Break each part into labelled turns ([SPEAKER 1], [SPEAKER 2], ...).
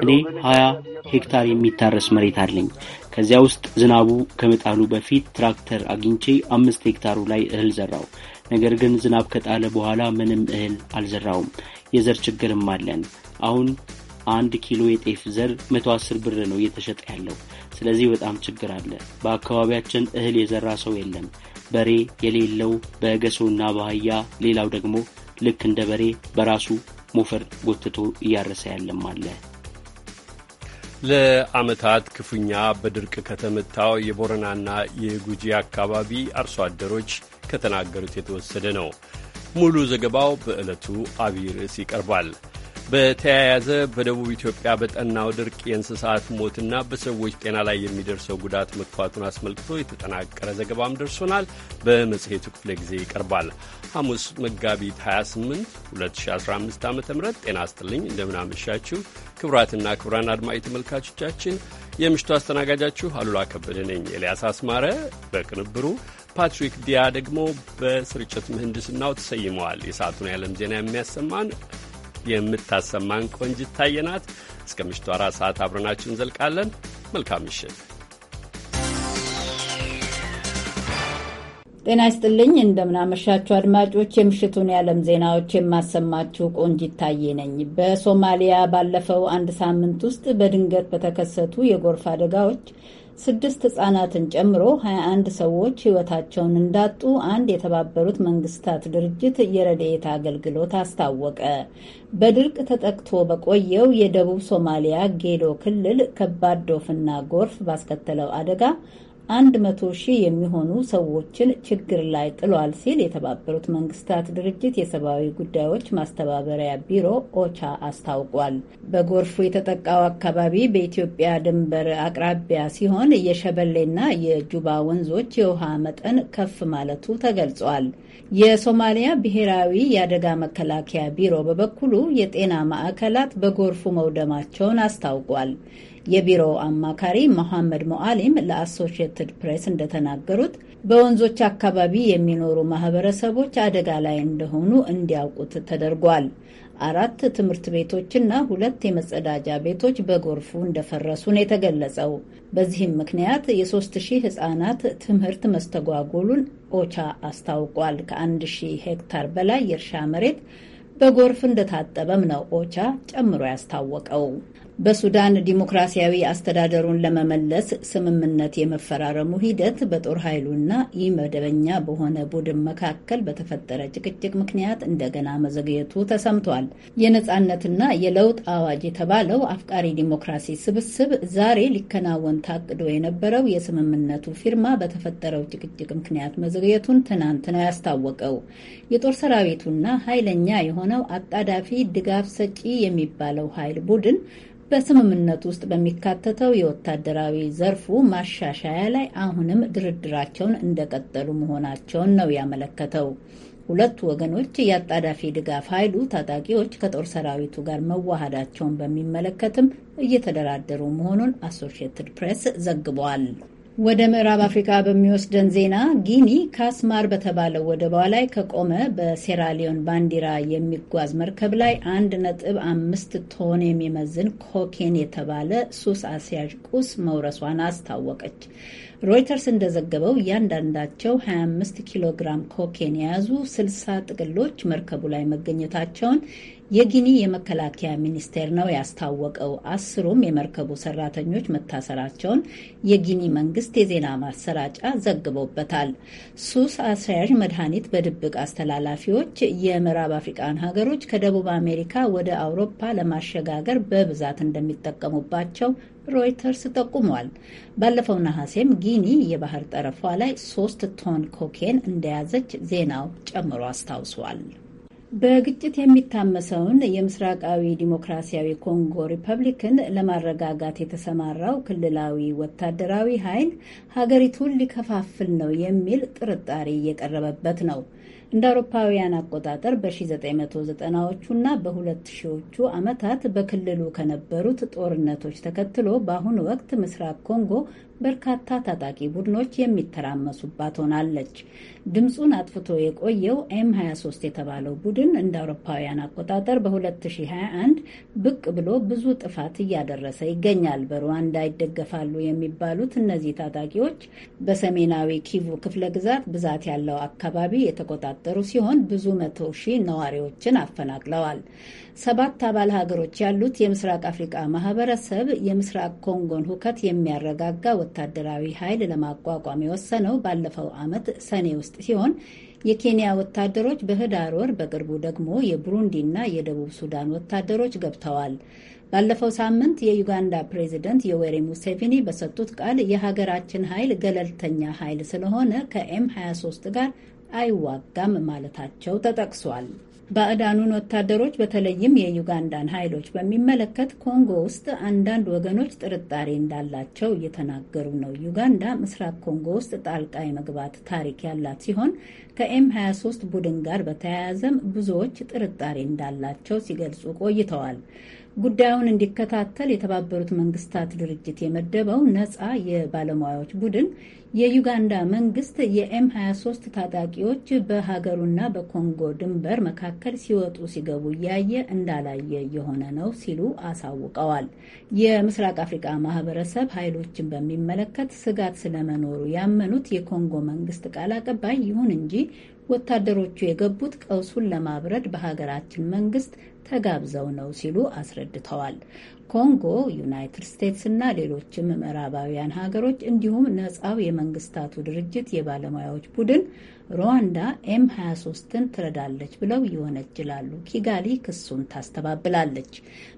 [SPEAKER 1] እኔ
[SPEAKER 2] ሀያ ሄክታር የሚታረስ መሬት አለኝ። ከዚያ ውስጥ ዝናቡ ከመጣሉ በፊት ትራክተር አግኝቼ አምስት ሄክታሩ ላይ እህል ዘራው። ነገር ግን ዝናብ ከጣለ በኋላ ምንም እህል አልዘራውም። የዘር ችግርም አለን። አሁን አንድ ኪሎ የጤፍ ዘር መቶ አስር ብር ነው እየተሸጠ ያለው። ስለዚህ በጣም ችግር አለ። በአካባቢያችን እህል የዘራ ሰው የለም። በሬ የሌለው በገሶና በአህያ ሌላው ደግሞ ልክ እንደ በሬ በራሱ ሞፈር ጎትቶ እያረሰ ያለም አለ።
[SPEAKER 3] ለዓመታት ክፉኛ በድርቅ ከተመታው የቦረናና የጉጂ አካባቢ አርሶ አደሮች ከተናገሩት የተወሰደ ነው። ሙሉ ዘገባው በዕለቱ አብይ ርዕስ ይቀርባል። በተያያዘ በደቡብ ኢትዮጵያ በጠናው ድርቅ የእንስሳት ሞትና በሰዎች ጤና ላይ የሚደርሰው ጉዳት መግፋቱን አስመልክቶ የተጠናቀረ ዘገባም ደርሶናል። በመጽሔቱ ክፍለ ጊዜ ይቀርባል። ሐሙስ መጋቢት 28 2015 ዓ ም ጤና ይስጥልኝ። እንደምናመሻችሁ ክቡራትና ክቡራን አድማጭ ተመልካቾቻችን የምሽቱ አስተናጋጃችሁ አሉላ ከበደ ነኝ። ኤልያስ አስማረ በቅንብሩ ፓትሪክ ዲያ ደግሞ በስርጭት ምህንድስናው ተሰይመዋል። የሰዓቱን የዓለም ዜና የሚያሰማን የምታሰማን ቆንጅት ታየናት እስከ ምሽቱ አራት ሰዓት አብረናችሁ እንዘልቃለን። መልካም ምሽት።
[SPEAKER 4] ጤና ይስጥልኝ። እንደምናመሻችሁ አድማጮች፣ የምሽቱን የዓለም ዜናዎች የማሰማችሁ ቆንጂት ታዬ ነኝ። በሶማሊያ ባለፈው አንድ ሳምንት ውስጥ በድንገት በተከሰቱ የጎርፍ አደጋዎች ስድስት ህጻናትን ጨምሮ 21 ሰዎች ህይወታቸውን እንዳጡ አንድ የተባበሩት መንግስታት ድርጅት የረድኤት አገልግሎት አስታወቀ። በድርቅ ተጠቅቶ በቆየው የደቡብ ሶማሊያ ጌዶ ክልል ከባድ ዶፍና ጎርፍ ባስከተለው አደጋ አንድ መቶ ሺህ የሚሆኑ ሰዎችን ችግር ላይ ጥሏል ሲል የተባበሩት መንግስታት ድርጅት የሰብአዊ ጉዳዮች ማስተባበሪያ ቢሮ ኦቻ አስታውቋል። በጎርፉ የተጠቃው አካባቢ በኢትዮጵያ ድንበር አቅራቢያ ሲሆን የሸበሌና የጁባ ወንዞች የውሃ መጠን ከፍ ማለቱ ተገልጿል። የሶማሊያ ብሔራዊ የአደጋ መከላከያ ቢሮ በበኩሉ የጤና ማዕከላት በጎርፉ መውደማቸውን አስታውቋል። የቢሮው አማካሪ መሐመድ ሞአሊም ለአሶሽየትድ ፕሬስ እንደተናገሩት በወንዞች አካባቢ የሚኖሩ ማህበረሰቦች አደጋ ላይ እንደሆኑ እንዲያውቁት ተደርጓል። አራት ትምህርት ቤቶችና ሁለት የመጸዳጃ ቤቶች በጎርፉ እንደፈረሱ ነው የተገለጸው። በዚህም ምክንያት የሶስት ሺህ ህጻናት ትምህርት መስተጓጎሉን ኦቻ አስታውቋል። ከአንድ ሺህ ሄክታር በላይ የእርሻ መሬት በጎርፍ እንደታጠበም ነው ኦቻ ጨምሮ ያስታወቀው። በሱዳን ዲሞክራሲያዊ አስተዳደሩን ለመመለስ ስምምነት የመፈራረሙ ሂደት በጦር ኃይሉና ኢ መደበኛ በሆነ ቡድን መካከል በተፈጠረ ጭቅጭቅ ምክንያት እንደገና መዘግየቱ ተሰምቷል። የነጻነትና የለውጥ አዋጅ የተባለው አፍቃሪ ዲሞክራሲ ስብስብ ዛሬ ሊከናወን ታቅዶ የነበረው የስምምነቱ ፊርማ በተፈጠረው ጭቅጭቅ ምክንያት መዘግየቱን ትናንት ነው ያስታወቀው። የጦር ሰራዊቱና ኃይለኛ የሆነው አጣዳፊ ድጋፍ ሰጪ የሚባለው ኃይል ቡድን በስምምነት ውስጥ በሚካተተው የወታደራዊ ዘርፉ ማሻሻያ ላይ አሁንም ድርድራቸውን እንደቀጠሉ መሆናቸውን ነው ያመለከተው። ሁለቱ ወገኖች የአጣዳፊ ድጋፍ ኃይሉ ታጣቂዎች ከጦር ሰራዊቱ ጋር መዋሃዳቸውን በሚመለከትም እየተደራደሩ መሆኑን አሶሺየትድ ፕሬስ ዘግቧል። ወደ ምዕራብ አፍሪካ በሚወስደን ዜና ጊኒ ካስማር በተባለው ወደቧ ላይ ከቆመ በሴራሊዮን ባንዲራ የሚጓዝ መርከብ ላይ አንድ ነጥብ አምስት ቶን የሚመዝን ኮኬን የተባለ ሱስ አስያዥ ቁስ መውረሷን አስታወቀች። ሮይተርስ እንደዘገበው እያንዳንዳቸው 25 ኪሎ ግራም ኮኬን የያዙ 60 ጥቅሎች መርከቡ ላይ መገኘታቸውን የጊኒ የመከላከያ ሚኒስቴር ነው ያስታወቀው። አስሩም የመርከቡ ሰራተኞች መታሰራቸውን የጊኒ መንግስት የዜና ማሰራጫ ዘግቦበታል። ሱስ አስያዥ መድኃኒት በድብቅ አስተላላፊዎች የምዕራብ አፍሪቃን ሀገሮች ከደቡብ አሜሪካ ወደ አውሮፓ ለማሸጋገር በብዛት እንደሚጠቀሙባቸው ሮይተርስ ጠቁሟል። ባለፈው ነሐሴም ጊኒ የባህር ጠረፏ ላይ ሶስት ቶን ኮኬን እንደያዘች ዜናው ጨምሮ አስታውሷል። በግጭት የሚታመሰውን የምስራቃዊ ዲሞክራሲያዊ ኮንጎ ሪፐብሊክን ለማረጋጋት የተሰማራው ክልላዊ ወታደራዊ ኃይል ሀገሪቱን ሊከፋፍል ነው የሚል ጥርጣሬ እየቀረበበት ነው። እንደ አውሮፓውያን አቆጣጠር በ1990ዎቹና በ2000ዎቹ ዓመታት በክልሉ ከነበሩት ጦርነቶች ተከትሎ በአሁኑ ወቅት ምስራቅ ኮንጎ በርካታ ታጣቂ ቡድኖች የሚተራመሱባት ሆናለች። ድምፁን አጥፍቶ የቆየው ኤም 23 የተባለው ቡድን እንደ አውሮፓውያን አቆጣጠር በ2021 ብቅ ብሎ ብዙ ጥፋት እያደረሰ ይገኛል። በሩዋንዳ ይደገፋሉ የሚባሉት እነዚህ ታጣቂዎች በሰሜናዊ ኪቩ ክፍለ ግዛት ብዛት ያለው አካባቢ የተቆጣጠሩ ሲሆን ብዙ መቶ ሺህ ነዋሪዎችን አፈናቅለዋል። ሰባት አባል ሀገሮች ያሉት የምስራቅ አፍሪቃ ማህበረሰብ የምስራቅ ኮንጎን ሁከት የሚያረጋጋ ወታደራዊ ኃይል ለማቋቋም የወሰነው ባለፈው ዓመት ሰኔ ውስጥ ሲሆን የኬንያ ወታደሮች በህዳር ወር፣ በቅርቡ ደግሞ የቡሩንዲና የደቡብ ሱዳን ወታደሮች ገብተዋል። ባለፈው ሳምንት የዩጋንዳ ፕሬዚደንት ዮዌሪ ሙሴቪኒ በሰጡት ቃል የሀገራችን ኃይል ገለልተኛ ኃይል ስለሆነ ከኤም 23 ጋር አይዋጋም ማለታቸው ተጠቅሷል። ባዕዳኑን ወታደሮች በተለይም የዩጋንዳን ኃይሎች በሚመለከት ኮንጎ ውስጥ አንዳንድ ወገኖች ጥርጣሬ እንዳላቸው እየተናገሩ ነው። ዩጋንዳ ምስራቅ ኮንጎ ውስጥ ጣልቃ የመግባት ታሪክ ያላት ሲሆን ከኤም 23 ቡድን ጋር በተያያዘም ብዙዎች ጥርጣሬ እንዳላቸው ሲገልጹ ቆይተዋል። ጉዳዩን እንዲከታተል የተባበሩት መንግስታት ድርጅት የመደበው ነጻ የባለሙያዎች ቡድን የዩጋንዳ መንግስት የኤም 23 ታጣቂዎች በሀገሩና በኮንጎ ድንበር መካከል ሲወጡ ሲገቡ እያየ እንዳላየ የሆነ ነው ሲሉ አሳውቀዋል። የምስራቅ አፍሪቃ ማህበረሰብ ኃይሎችን በሚመለከት ስጋት ስለመኖሩ ያመኑት የኮንጎ መንግስት ቃል አቀባይ፣ ይሁን እንጂ ወታደሮቹ የገቡት ቀውሱን ለማብረድ በሀገራችን መንግስት ተጋብዘው ነው ሲሉ አስረድተዋል። ኮንጎ ዩናይትድ ስቴትስ እና ሌሎችም ምዕራባውያን ሀገሮች እንዲሁም ነጻው የመንግስታቱ ድርጅት የባለሙያዎች ቡድን ሩዋንዳ ኤም 23ን ትረዳለች ብለው ይወነጅላሉ። ኪጋሊ ክሱን ታስተባብላለች።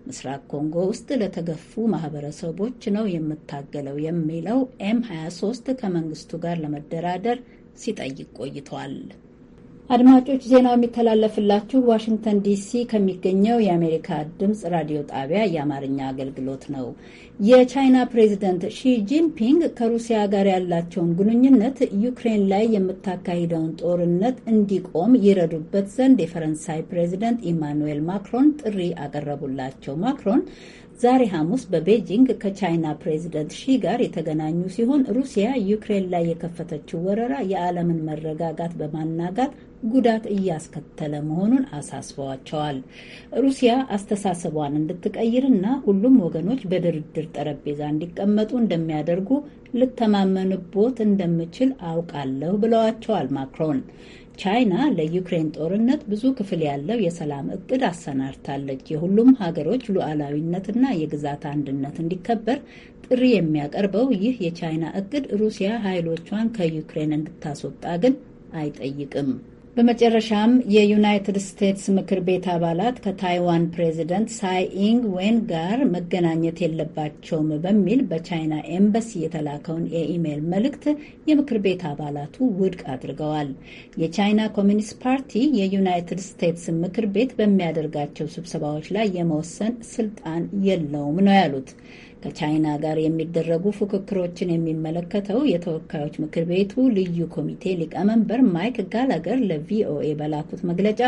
[SPEAKER 4] ምስራቅ ኮንጎ ውስጥ ለተገፉ ማህበረሰቦች ነው የምታገለው የሚለው ኤም 23 ከመንግስቱ ጋር ለመደራደር ሲጠይቅ ቆይቷል። አድማጮች ዜናው የሚተላለፍላችሁ ዋሽንግተን ዲሲ ከሚገኘው የአሜሪካ ድምፅ ራዲዮ ጣቢያ የአማርኛ አገልግሎት ነው። የቻይና ፕሬዚደንት ሺ ጂንፒንግ ከሩሲያ ጋር ያላቸውን ግንኙነት ዩክሬን ላይ የምታካሂደውን ጦርነት እንዲቆም ይረዱበት ዘንድ የፈረንሳይ ፕሬዚደንት ኢማኑዌል ማክሮን ጥሪ አቀረቡላቸው። ማክሮን ዛሬ ሐሙስ በቤጂንግ ከቻይና ፕሬዚደንት ሺ ጋር የተገናኙ ሲሆን ሩሲያ ዩክሬን ላይ የከፈተችው ወረራ የዓለምን መረጋጋት በማናጋት ጉዳት እያስከተለ መሆኑን አሳስበዋቸዋል። ሩሲያ አስተሳሰቧን እንድትቀይርና ሁሉም ወገኖች በድርድር ጠረጴዛ እንዲቀመጡ እንደሚያደርጉ ልተማመንቦት እንደምችል አውቃለሁ ብለዋቸዋል ማክሮን። ቻይና ለዩክሬን ጦርነት ብዙ ክፍል ያለው የሰላም እቅድ አሰናድታለች። የሁሉም ሀገሮች ሉዓላዊነትና የግዛት አንድነት እንዲከበር ጥሪ የሚያቀርበው ይህ የቻይና እቅድ ሩሲያ ኃይሎቿን ከዩክሬን እንድታስወጣ ግን አይጠይቅም። በመጨረሻም የዩናይትድ ስቴትስ ምክር ቤት አባላት ከታይዋን ፕሬዚደንት ሳይኢንግ ዌን ጋር መገናኘት የለባቸውም በሚል በቻይና ኤምበሲ የተላከውን የኢሜይል መልእክት የምክር ቤት አባላቱ ውድቅ አድርገዋል። የቻይና ኮሚኒስት ፓርቲ የዩናይትድ ስቴትስ ምክር ቤት በሚያደርጋቸው ስብሰባዎች ላይ የመወሰን ስልጣን የለውም ነው ያሉት። ከቻይና ጋር የሚደረጉ ፉክክሮችን የሚመለከተው የተወካዮች ምክር ቤቱ ልዩ ኮሚቴ ሊቀመንበር ማይክ ጋላገር ለቪኦኤ በላኩት መግለጫ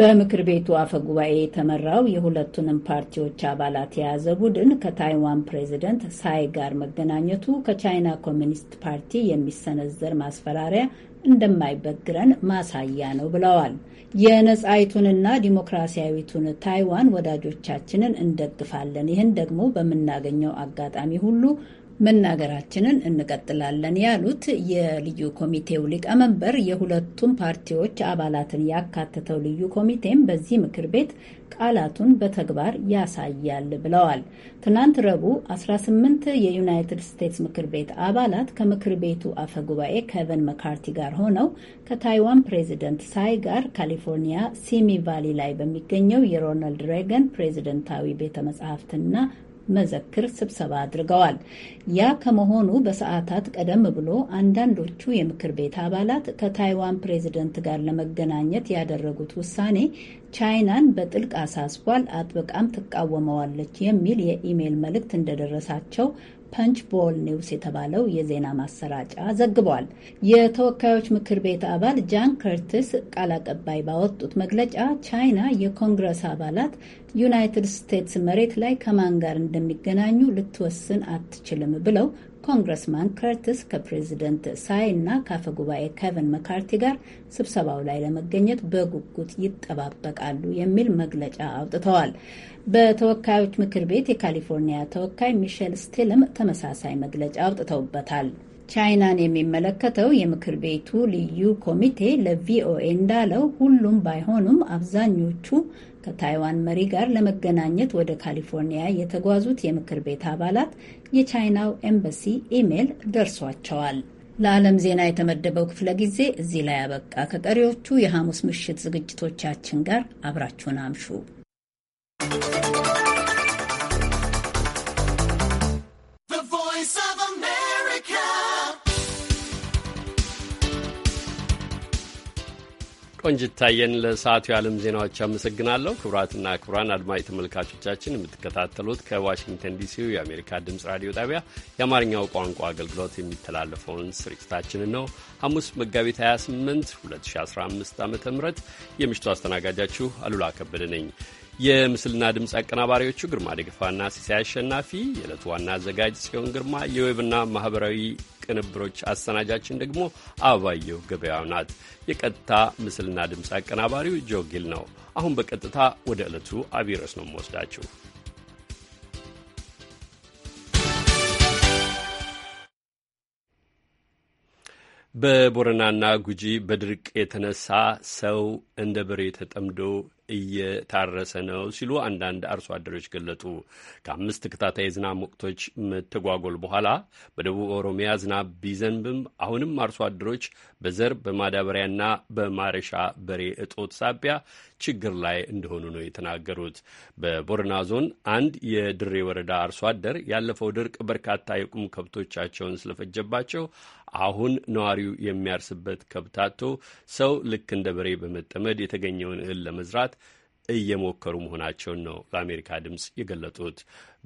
[SPEAKER 4] በምክር ቤቱ አፈጉባኤ የተመራው የሁለቱንም ፓርቲዎች አባላት የያዘ ቡድን ከታይዋን ፕሬዚደንት ሳይ ጋር መገናኘቱ ከቻይና ኮሚኒስት ፓርቲ የሚሰነዘር ማስፈራሪያ እንደማይበግረን ማሳያ ነው ብለዋል። የነጻይቱንና ዲሞክራሲያዊቱን ታይዋን ወዳጆቻችንን እንደግፋለን። ይህን ደግሞ በምናገኘው አጋጣሚ ሁሉ መናገራችንን እንቀጥላለን ያሉት የልዩ ኮሚቴው ሊቀመንበር የሁለቱም ፓርቲዎች አባላትን ያካተተው ልዩ ኮሚቴም በዚህ ምክር ቤት ቃላቱን በተግባር ያሳያል ብለዋል። ትናንት ረቡዕ 18 የዩናይትድ ስቴትስ ምክር ቤት አባላት ከምክር ቤቱ አፈ ጉባኤ ኬቨን መካርቲ ጋር ሆነው ከታይዋን ፕሬዚደንት ሳይ ጋር ካሊፎርኒያ ሲሚ ቫሊ ላይ በሚገኘው የሮናልድ ሬገን ፕሬዚደንታዊ ቤተ መጻሕፍትና መዘክር ስብሰባ አድርገዋል። ያ ከመሆኑ በሰዓታት ቀደም ብሎ አንዳንዶቹ የምክር ቤት አባላት ከታይዋን ፕሬዝደንት ጋር ለመገናኘት ያደረጉት ውሳኔ ቻይናን በጥልቅ አሳስቧል፣ አጥብቃም ትቃወመዋለች የሚል የኢሜይል መልእክት እንደደረሳቸው ፐንች ቦል ኒውስ የተባለው የዜና ማሰራጫ ዘግቧል። የተወካዮች ምክር ቤት አባል ጃን ከርትስ ቃል አቀባይ ባወጡት መግለጫ ቻይና የኮንግረስ አባላት ዩናይትድ ስቴትስ መሬት ላይ ከማን ጋር እንደሚገናኙ ልትወስን አትችልም ብለው ኮንግረስማን ከርትስ ከፕሬዚደንት ሳይ እና ከአፈ ጉባኤ ኬቨን መካርቲ ጋር ስብሰባው ላይ ለመገኘት በጉጉት ይጠባበቃሉ የሚል መግለጫ አውጥተዋል። በተወካዮች ምክር ቤት የካሊፎርኒያ ተወካይ ሚሼል ስቴልም ተመሳሳይ መግለጫ አውጥተውበታል። ቻይናን የሚመለከተው የምክር ቤቱ ልዩ ኮሚቴ ለቪኦኤ እንዳለው ሁሉም ባይሆኑም አብዛኞቹ ከታይዋን መሪ ጋር ለመገናኘት ወደ ካሊፎርኒያ የተጓዙት የምክር ቤት አባላት የቻይናው ኤምባሲ ኢሜል ደርሷቸዋል። ለዓለም ዜና የተመደበው ክፍለ ጊዜ እዚህ ላይ አበቃ። ከቀሪዎቹ የሐሙስ ምሽት ዝግጅቶቻችን ጋር አብራችሁን አምሹ።
[SPEAKER 3] ቆንጅታየን ለሰዓቱ የዓለም ዜናዎች አመሰግናለሁ። ክቡራትና ክቡራን አድማጭ ተመልካቾቻችን የምትከታተሉት ከዋሽንግተን ዲሲው የአሜሪካ ድምፅ ራዲዮ ጣቢያ የአማርኛው ቋንቋ አገልግሎት የሚተላለፈውን ስርጭታችንን ነው። ሐሙስ መጋቢት 28 2015 ዓ ም የምሽቱ አስተናጋጃችሁ አሉላ ከበደ ነኝ። የምስልና ድምፅ አቀናባሪዎቹ ግርማ ደግፋና ሲሳይ አሸናፊ፣ የዕለቱ ዋና አዘጋጅ ጽዮን ግርማ፣ የዌብና ማኅበራዊ ቅንብሮች አሰናጃችን ደግሞ አበባየሁ ገበያው ናት። የቀጥታ ምስልና ድምፅ አቀናባሪው ጆጊል ነው። አሁን በቀጥታ ወደ ዕለቱ አብይ ርዕስ ነው የምወስዳችሁ። በቦረናና ጉጂ በድርቅ የተነሳ ሰው እንደ በሬ ተጠምዶ እየታረሰ ነው ሲሉ አንዳንድ አርሶ አደሮች ገለጡ። ከአምስት ተከታታይ የዝናብ ወቅቶች መተጓጎል በኋላ በደቡብ ኦሮሚያ ዝናብ ቢዘንብም አሁንም አርሶ አደሮች በዘር በማዳበሪያና በማረሻ በሬ እጦት ሳቢያ ችግር ላይ እንደሆኑ ነው የተናገሩት። በቦረና ዞን አንድ የድሬ ወረዳ አርሶ አደር ያለፈው ድርቅ በርካታ የቁም ከብቶቻቸውን ስለፈጀባቸው አሁን ነዋሪው የሚያርስበት ከብታቶ ሰው ልክ እንደ በሬ በመጠመድ የተገኘውን እህል ለመዝራት እየሞከሩ መሆናቸውን ነው ለአሜሪካ ድምፅ የገለጡት።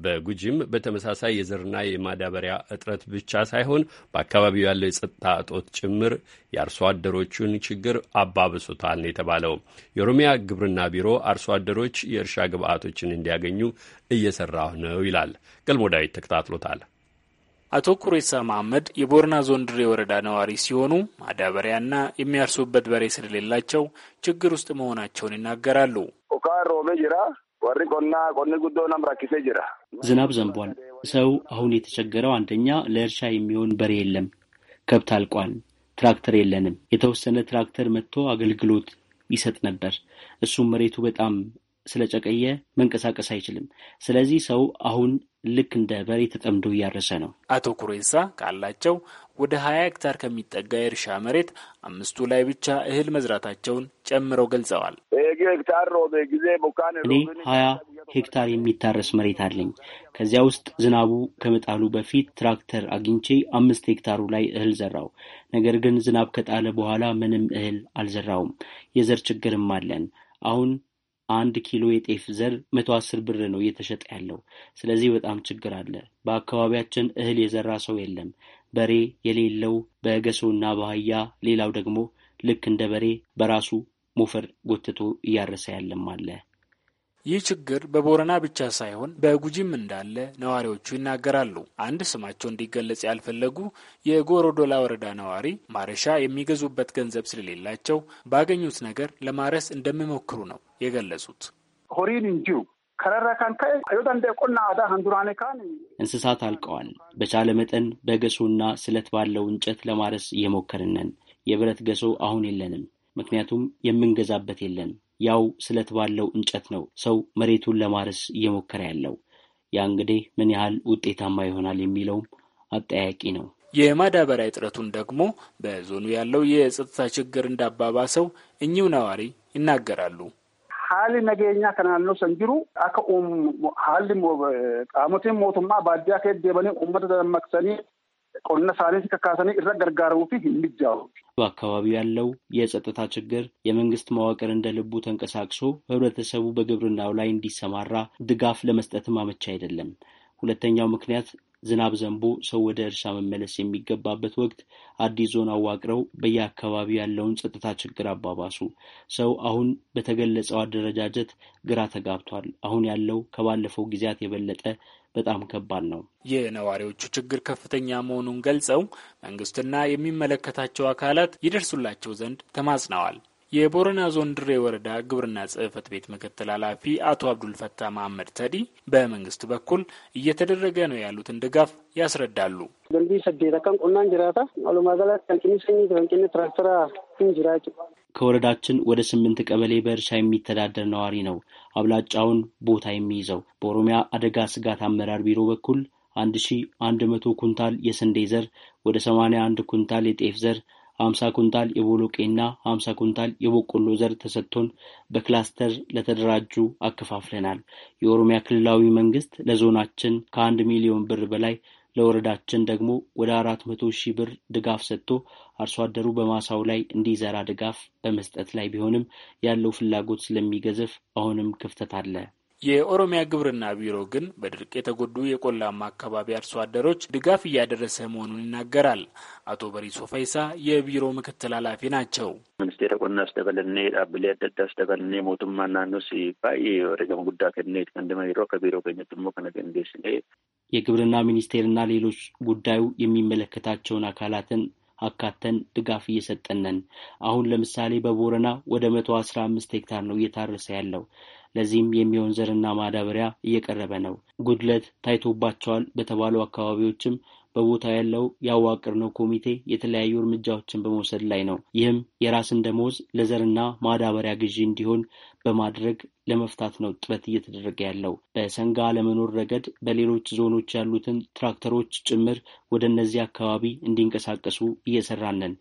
[SPEAKER 3] በጉጂም በተመሳሳይ የዘርና የማዳበሪያ እጥረት ብቻ ሳይሆን በአካባቢው ያለው የጸጥታ እጦት ጭምር የአርሶ አደሮቹን ችግር አባብሶታል ነው የተባለው። የኦሮሚያ ግብርና ቢሮ አርሶ አደሮች የእርሻ ግብዓቶችን እንዲያገኙ እየሰራ ነው ይላል። ገልሞ ዳዊት ተከታትሎታል።
[SPEAKER 5] አቶ ኩሬሳ መሐመድ የቦረና ዞን ድሬ ወረዳ ነዋሪ ሲሆኑ ማዳበሪያና የሚያርሱበት በሬ ስለሌላቸው ችግር ውስጥ መሆናቸውን ይናገራሉ።
[SPEAKER 2] ዝናብ ዘንቧል። ሰው አሁን የተቸገረው አንደኛ ለእርሻ የሚሆን በሬ የለም፣ ከብት አልቋል፣ ትራክተር የለንም። የተወሰነ ትራክተር መጥቶ አገልግሎት ይሰጥ ነበር። እሱም መሬቱ በጣም ስለጨቀየ መንቀሳቀስ አይችልም። ስለዚህ ሰው አሁን ልክ እንደ በሬ ተጠምዶ እያረሰ ነው።
[SPEAKER 5] አቶ ኩሬሳ ካላቸው ወደ ሀያ ሄክታር ከሚጠጋ የእርሻ መሬት አምስቱ ላይ ብቻ እህል መዝራታቸውን ጨምረው ገልጸዋል።
[SPEAKER 1] እኔ
[SPEAKER 2] ሀያ ሄክታር የሚታረስ መሬት አለኝ። ከዚያ ውስጥ ዝናቡ ከመጣሉ በፊት ትራክተር አግኝቼ አምስት ሄክታሩ ላይ እህል ዘራው። ነገር ግን ዝናብ ከጣለ በኋላ ምንም እህል አልዘራውም። የዘር ችግርም አለን። አሁን አንድ ኪሎ የጤፍ ዘር መቶ አስር ብር ነው እየተሸጠ ያለው። ስለዚህ በጣም ችግር አለ። በአካባቢያችን እህል የዘራ ሰው የለም። በሬ የሌለው በገሶና በአህያ ሌላው ደግሞ ልክ እንደ በሬ በራሱ ሞፈር ጎትቶ እያረሰ ያለም አለ።
[SPEAKER 5] ይህ ችግር በቦረና ብቻ ሳይሆን በጉጂም እንዳለ ነዋሪዎቹ ይናገራሉ። አንድ ስማቸው እንዲገለጽ ያልፈለጉ የጎሮዶላ ወረዳ ነዋሪ ማረሻ የሚገዙበት ገንዘብ ስለሌላቸው ባገኙት ነገር ለማረስ እንደሚሞክሩ ነው የገለጹት። ሆሪን እንዲሁ
[SPEAKER 2] እንስሳት አልቀዋል። በቻለ መጠን በገሶና ስለት ባለው እንጨት ለማረስ እየሞከርነን። የብረት ገሶ አሁን የለንም፣ ምክንያቱም የምንገዛበት የለን። ያው ስለት ባለው እንጨት ነው ሰው መሬቱን ለማረስ እየሞከረ ያለው። ያ እንግዲህ
[SPEAKER 5] ምን ያህል ውጤታማ ይሆናል የሚለውም አጠያቂ ነው። የማዳበሪያ እጥረቱን ደግሞ በዞኑ ያለው የጸጥታ ችግር እንዳባባሰው እኚው ነዋሪ ይናገራሉ። ሀሊ ነገኛ ከናኖ ሰንጅሩ አከ ሀሊ ቃሙቲን ሞቱማ ባዲያ ከደበኔ ደበኒ ኡመተ qonna ሳኔ ከካሰኒ irra gargaaramuu
[SPEAKER 1] fi hin
[SPEAKER 2] በአካባቢው ያለው የጸጥታ ችግር የመንግስት መዋቅር እንደ ልቡ ተንቀሳቅሶ ህብረተሰቡ በግብርናው ላይ እንዲሰማራ ድጋፍ ለመስጠትም አመቻ አይደለም። ሁለተኛው ምክንያት ዝናብ ዘንቦ ሰው ወደ እርሻ መመለስ የሚገባበት ወቅት አዲስ ዞን አዋቅረው በየአካባቢው ያለውን ጸጥታ ችግር አባባሱ። ሰው አሁን በተገለጸው አደረጃጀት ግራ ተጋብቷል። አሁን ያለው ከባለፈው ጊዜያት የበለጠ በጣም ከባድ ነው።
[SPEAKER 5] የነዋሪዎቹ ችግር ከፍተኛ መሆኑን ገልጸው መንግስትና የሚመለከታቸው አካላት ይደርሱላቸው ዘንድ ተማጽነዋል። የቦረና ዞን ድሬ ወረዳ ግብርና ጽህፈት ቤት ምክትል ኃላፊ አቶ አብዱልፈታ መሐመድ ተዲ በመንግስት በኩል እየተደረገ ነው ያሉትን ድጋፍ ያስረዳሉ።
[SPEAKER 2] ከወረዳችን ወደ ስምንት ቀበሌ በእርሻ የሚተዳደር ነዋሪ ነው። አብላጫውን ቦታ የሚይዘው። በኦሮሚያ አደጋ ስጋት አመራር ቢሮ በኩል 1100 ኩንታል የስንዴ ዘር፣ ወደ 81 ኩንታል የጤፍ ዘር፣ 50 ኩንታል የቦሎቄና 50 ኩንታል የበቆሎ ዘር ተሰጥቶን በክላስተር ለተደራጁ አከፋፍለናል። የኦሮሚያ ክልላዊ መንግስት ለዞናችን ከአንድ ሚሊዮን ብር በላይ ለወረዳችን ደግሞ ወደ አራት መቶ ሺህ ብር ድጋፍ ሰጥቶ አርሶ አደሩ በማሳው ላይ እንዲዘራ ድጋፍ በመስጠት ላይ ቢሆንም ያለው ፍላጎት ስለሚገዘፍ አሁንም ክፍተት አለ።
[SPEAKER 5] የኦሮሚያ ግብርና ቢሮ ግን በድርቅ የተጎዱ የቆላማ አካባቢ አርሶ አደሮች ድጋፍ እያደረሰ መሆኑን ይናገራል። አቶ በሪሶ ፈይሳ የቢሮ ምክትል ኃላፊ ናቸው። ሚኒስቴር ቆና ስደበለኔ ዳብሌ አደዳ ስደበለኔ ሞቱም ማናኖ ባይ ወደገም ጉዳ ከኔ ከንድመ ቢሮ ከቢሮ ገኘትሞ ስለ
[SPEAKER 2] የግብርና ሚኒስቴርና ሌሎች ጉዳዩ የሚመለከታቸውን አካላትን አካተን ድጋፍ እየሰጠን ነን። አሁን ለምሳሌ በቦረና ወደ መቶ አስራ አምስት ሄክታር ነው እየታረሰ ያለው። ለዚህም የሚሆን ዘርና ማዳበሪያ እየቀረበ ነው። ጉድለት ታይቶባቸዋል በተባሉ አካባቢዎችም በቦታ ያለው ያዋቅርነው ኮሚቴ የተለያዩ እርምጃዎችን በመውሰድ ላይ ነው። ይህም የራስን ደሞዝ ለዘርና ማዳበሪያ ግዢ እንዲሆን በማድረግ ለመፍታት ነው ጥረት እየተደረገ ያለው። በሰንጋ ለመኖር ረገድ በሌሎች ዞኖች ያሉትን ትራክተሮች ጭምር ወደ እነዚህ አካባቢ እንዲንቀሳቀሱ እየሰራንን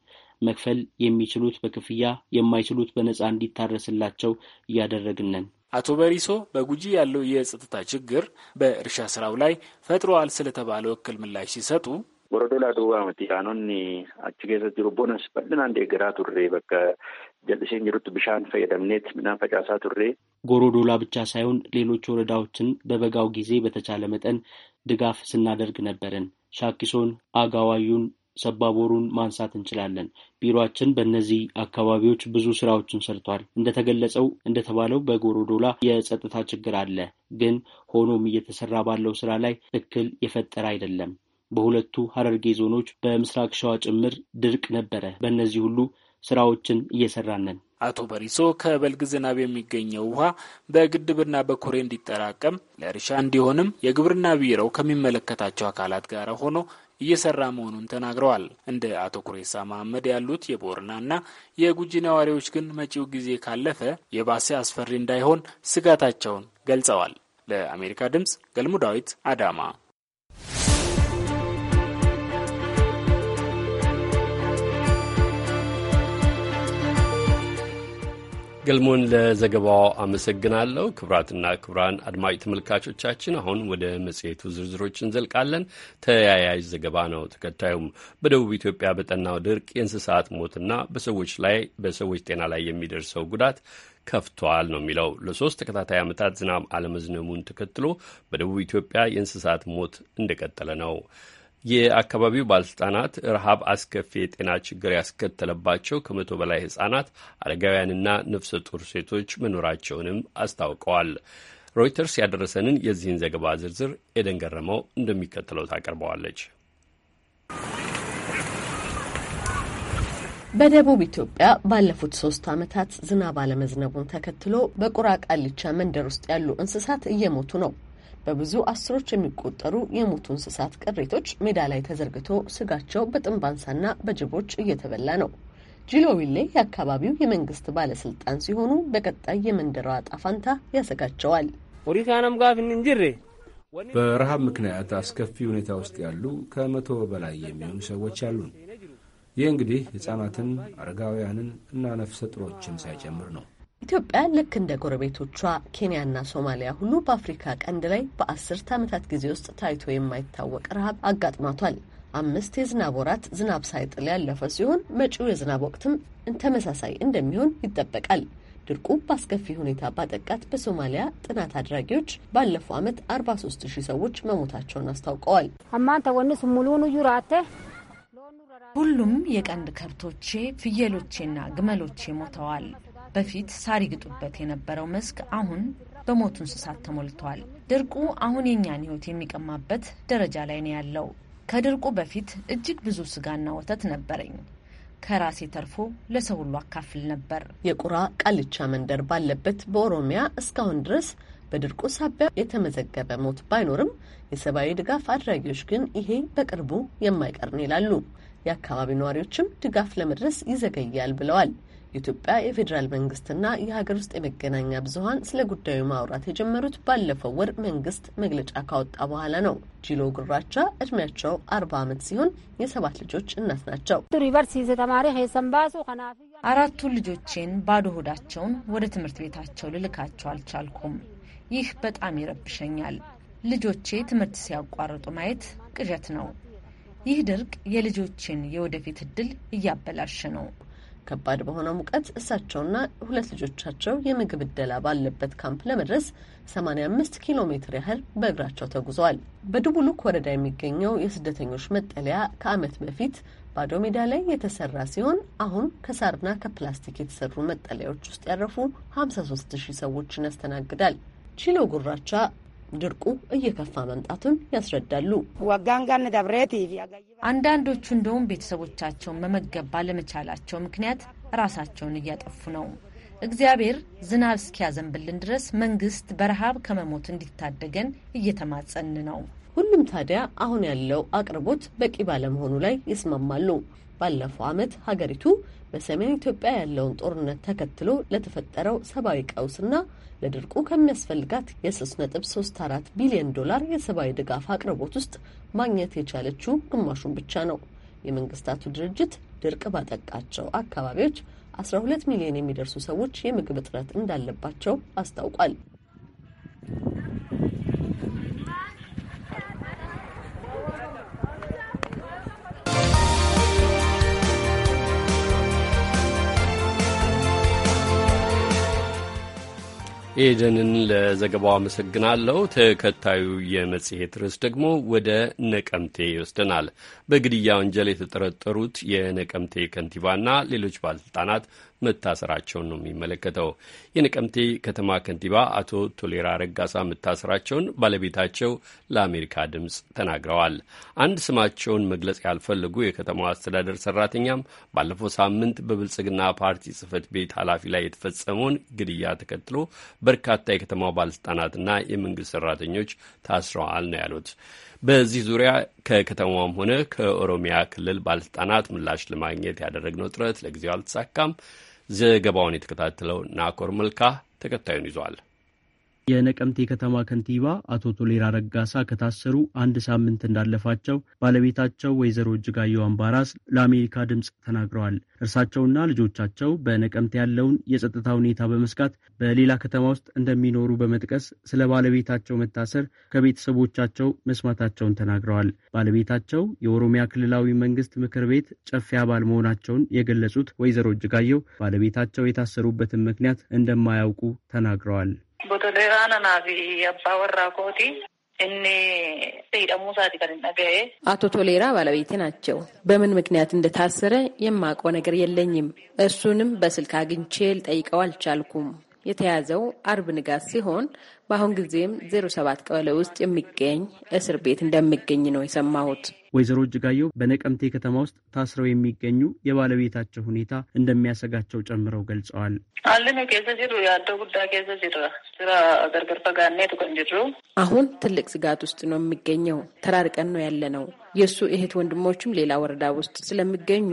[SPEAKER 2] መክፈል የሚችሉት በክፍያ የማይችሉት በነፃ እንዲታረስላቸው እያደረግንን
[SPEAKER 5] አቶ በሪሶ በጉጂ ያለው የጸጥታ ችግር በእርሻ ስራው ላይ ፈጥሯል ስለተባለ እክል ምላሽ ሲሰጡ
[SPEAKER 3] ወረዶ ላዶ መቲ ኖን አች ገሰ ጅሩ ቦነስ ቱሬ jal'iseen jirrutti bishaan fayyadamneet midhaan facaasaa turree
[SPEAKER 2] ጎሮዶላ ብቻ ሳይሆን ሌሎች ወረዳዎችን በበጋው ጊዜ በተቻለ መጠን ድጋፍ ስናደርግ ነበርን። ሻኪሶን፣ አጋዋዩን፣ ሰባቦሩን ማንሳት እንችላለን። ቢሮችን በእነዚህ አካባቢዎች ብዙ ስራዎችን ሰርቷል። እንደተገለጸው እንደተባለው በጎሮዶላ የጸጥታ ችግር አለ፣ ግን ሆኖም እየተሰራ ባለው ስራ ላይ እክል የፈጠረ አይደለም። በሁለቱ ሀረርጌ ዞኖች በምስራቅ ሸዋ ጭምር ድርቅ
[SPEAKER 5] ነበረ። በእነዚህ ሁሉ ስራዎችን እየሰራን ነን። አቶ በሪሶ ከበልግ ዝናብ የሚገኘው ውሃ በግድብና በኩሬ እንዲጠራቀም ለእርሻ እንዲሆንም የግብርና ቢሮው ከሚመለከታቸው አካላት ጋር ሆኖ እየሰራ መሆኑን ተናግረዋል። እንደ አቶ ኩሬሳ መሐመድ ያሉት የቦርናና የጉጂ ነዋሪዎች ግን መጪው ጊዜ ካለፈ የባሰ አስፈሪ እንዳይሆን ስጋታቸውን ገልጸዋል። ለአሜሪካ ድምጽ ገልሙ ዳዊት አዳማ
[SPEAKER 3] ገልሞን ለዘገባው አመሰግናለሁ። ክቡራትና ክቡራን አድማጭ ተመልካቾቻችን አሁን ወደ መጽሔቱ ዝርዝሮች እንዘልቃለን። ተያያዥ ዘገባ ነው ተከታዩም። በደቡብ ኢትዮጵያ በጠናው ድርቅ የእንስሳት ሞትና በሰዎች ላይ በሰዎች ጤና ላይ የሚደርሰው ጉዳት ከፍቷል ነው የሚለው። ለሶስት ተከታታይ ዓመታት ዝናብ አለመዝነሙን ተከትሎ በደቡብ ኢትዮጵያ የእንስሳት ሞት እንደቀጠለ ነው። የአካባቢው ባለስልጣናት ረሃብ አስከፊ የጤና ችግር ያስከተለባቸው ከመቶ በላይ ህጻናት፣ አረጋውያንና ነፍሰ ጡር ሴቶች መኖራቸውንም አስታውቀዋል። ሮይተርስ ያደረሰንን የዚህን ዘገባ ዝርዝር ኤደን ገረመው እንደሚከተለው ታቀርበዋለች።
[SPEAKER 6] በደቡብ ኢትዮጵያ ባለፉት ሶስት ዓመታት ዝናብ አለመዝነቡን ተከትሎ በቁራ ቃልቻ መንደር ውስጥ ያሉ እንስሳት እየሞቱ ነው። በብዙ አስሮች የሚቆጠሩ የሞቱ እንስሳት ቅሪቶች ሜዳ ላይ ተዘርግቶ ስጋቸው በጥንባንሳና በጅቦች እየተበላ ነው። ጂሎዊሌ የአካባቢው የመንግስት ባለስልጣን ሲሆኑ በቀጣይ የመንደሯ ጣፋንታ ፈንታ
[SPEAKER 7] በረሃብ ምክንያት አስከፊ ሁኔታ ውስጥ ያሉ ከመቶ በላይ የሚሆኑ ሰዎች አሉን። ይህ እንግዲህ ሕፃናትን፣ አረጋውያንን እና ነፍሰ ጥሮችን ሳይጨምር ነው።
[SPEAKER 6] ኢትዮጵያ ልክ እንደ ጎረቤቶቿ ኬንያና ሶማሊያ ሁሉ በአፍሪካ ቀንድ ላይ በአስርት ዓመታት ጊዜ ውስጥ ታይቶ የማይታወቅ ረሃብ አጋጥሟቷል። አምስት የዝናብ ወራት ዝናብ ሳይጥል ያለፈ ሲሆን መጪው የዝናብ ወቅትም ተመሳሳይ እንደሚሆን ይጠበቃል። ድርቁ በአስከፊ ሁኔታ ባጠቃት በሶማሊያ ጥናት አድራጊዎች ባለፈው ዓመት 43 ሺህ ሰዎች መሞታቸውን አስታውቀዋል። ሁሉም የቀንድ ከብቶቼ፣ ፍየሎቼና ግመሎቼ ሞተዋል። በፊት ሳር ይግጡበት የነበረው መስክ አሁን በሞቱ እንስሳት ተሞልቷል። ድርቁ አሁን የእኛን ሕይወት የሚቀማበት ደረጃ ላይ ነው ያለው። ከድርቁ በፊት እጅግ ብዙ ስጋና ወተት ነበረኝ። ከራሴ ተርፎ ለሰው ሁሉ አካፍል ነበር። የቁራ ቃልቻ መንደር ባለበት በኦሮሚያ እስካሁን ድረስ በድርቁ ሳቢያ የተመዘገበ ሞት ባይኖርም የሰብአዊ ድጋፍ አድራጊዎች ግን ይሄ በቅርቡ የማይቀር ነው ይላሉ። የአካባቢው ነዋሪዎችም ድጋፍ ለመድረስ ይዘገያል ብለዋል። ኢትዮጵያ የፌዴራል መንግስትና የሀገር ውስጥ የመገናኛ ብዙኃን ስለ ጉዳዩ ማውራት የጀመሩት ባለፈው ወር መንግስት መግለጫ ካወጣ በኋላ ነው። ጂሎ ጉራቻ እድሜያቸው አርባ ዓመት ሲሆን የሰባት ልጆች እናት ናቸው። አራቱን ልጆቼን ባዶ ሆዳቸውን ወደ ትምህርት ቤታቸው ልልካቸው አልቻልኩም። ይህ በጣም ይረብሸኛል። ልጆቼ ትምህርት ሲያቋርጡ ማየት ቅዠት ነው። ይህ ድርቅ የልጆችን የወደፊት እድል እያበላሸ ነው። ከባድ በሆነ ሙቀት እሳቸውና ሁለት ልጆቻቸው የምግብ እደላ ባለበት ካምፕ ለመድረስ 85 ኪሎ ሜትር ያህል በእግራቸው ተጉዘዋል። በድቡሉክ ወረዳ የሚገኘው የስደተኞች መጠለያ ከዓመት በፊት ባዶ ሜዳ ላይ የተሰራ ሲሆን አሁን ከሳርና ከፕላስቲክ የተሰሩ መጠለያዎች ውስጥ ያረፉ 53 ሺህ ሰዎችን ያስተናግዳል። ቺሎ ጉራቻ ድርቁ እየከፋ መምጣቱን ያስረዳሉ። አንዳንዶቹ እንደውም ቤተሰቦቻቸውን መመገብ ባለመቻላቸው ምክንያት ራሳቸውን እያጠፉ ነው። እግዚአብሔር ዝናብ እስኪያዘንብልን ድረስ መንግስት በረሃብ ከመሞት እንዲታደገን እየተማጸን ነው። ሁሉም ታዲያ አሁን ያለው አቅርቦት በቂ ባለመሆኑ ላይ ይስማማሉ። ባለፈው ዓመት ሀገሪቱ በሰሜን ኢትዮጵያ ያለውን ጦርነት ተከትሎ ለተፈጠረው ሰብአዊ ቀውስና ለድርቁ ከሚያስፈልጋት የ3.34 ቢሊዮን ዶላር የሰብአዊ ድጋፍ አቅርቦት ውስጥ ማግኘት የቻለችው ግማሹን ብቻ ነው። የመንግስታቱ ድርጅት ድርቅ ባጠቃቸው አካባቢዎች 12 ሚሊዮን የሚደርሱ ሰዎች የምግብ እጥረት እንዳለባቸው አስታውቋል።
[SPEAKER 3] ኤደንን ለዘገባው አመሰግናለሁ። ተከታዩ የመጽሔት ርዕስ ደግሞ ወደ ነቀምቴ ይወስደናል። በግድያ ወንጀል የተጠረጠሩት የነቀምቴ ከንቲባና ሌሎች ባለሥልጣናት መታሰራቸውን ነው የሚመለከተው። የነቀምቴ ከተማ ከንቲባ አቶ ቶሌራ ረጋሳ መታሰራቸውን ባለቤታቸው ለአሜሪካ ድምፅ ተናግረዋል። አንድ ስማቸውን መግለጽ ያልፈለጉ የከተማው አስተዳደር ሰራተኛም ባለፈው ሳምንት በብልጽግና ፓርቲ ጽህፈት ቤት ኃላፊ ላይ የተፈጸመውን ግድያ ተከትሎ በርካታ የከተማው ባለስልጣናትና የመንግስት ሰራተኞች ታስረዋል ነው ያሉት። በዚህ ዙሪያ ከከተማዋም ሆነ ከኦሮሚያ ክልል ባለስልጣናት ምላሽ ለማግኘት ያደረግነው ጥረት ለጊዜው አልተሳካም። ዘገባውን የተከታተለው ናኮር መልካ ተከታዩን ይዟል።
[SPEAKER 2] የነቀምቴ ከተማ ከንቲባ አቶ ቶሌራ ረጋሳ ከታሰሩ አንድ ሳምንት እንዳለፋቸው ባለቤታቸው ወይዘሮ እጅጋየው አምባራስ ለአሜሪካ ድምፅ ተናግረዋል። እርሳቸውና ልጆቻቸው በነቀምቴ ያለውን የጸጥታ ሁኔታ በመስጋት በሌላ ከተማ ውስጥ እንደሚኖሩ በመጥቀስ ስለ ባለቤታቸው መታሰር ከቤተሰቦቻቸው መስማታቸውን ተናግረዋል። ባለቤታቸው የኦሮሚያ ክልላዊ መንግስት ምክር ቤት ጨፌ አባል መሆናቸውን የገለጹት ወይዘሮ እጅጋየው ባለቤታቸው የታሰሩበትን ምክንያት እንደማያውቁ
[SPEAKER 6] ተናግረዋል።
[SPEAKER 8] Botolee fi Abbaa
[SPEAKER 6] አቶ ቶሌራ ባለቤቴ ናቸው። በምን ምክንያት እንደታሰረ የማውቀው ነገር የለኝም። እሱንም በስልክ አግኝቼ ልጠይቀው አልቻልኩም። የተያዘው አርብ ንጋት ሲሆን በአሁን ጊዜም ዜሮ ሰባት ቀበሌ ውስጥ የሚገኝ እስር ቤት እንደሚገኝ ነው የሰማሁት።
[SPEAKER 2] ወይዘሮ እጅጋየው በነቀምቴ ከተማ ውስጥ ታስረው የሚገኙ የባለቤታቸው ሁኔታ እንደሚያሰጋቸው ጨምረው ገልጸዋል።
[SPEAKER 6] አሁን ትልቅ ስጋት ውስጥ ነው የሚገኘው። ተራርቀን ነው ያለ ነው። የእሱ እህት ወንድሞችም ሌላ ወረዳ ውስጥ ስለሚገኙ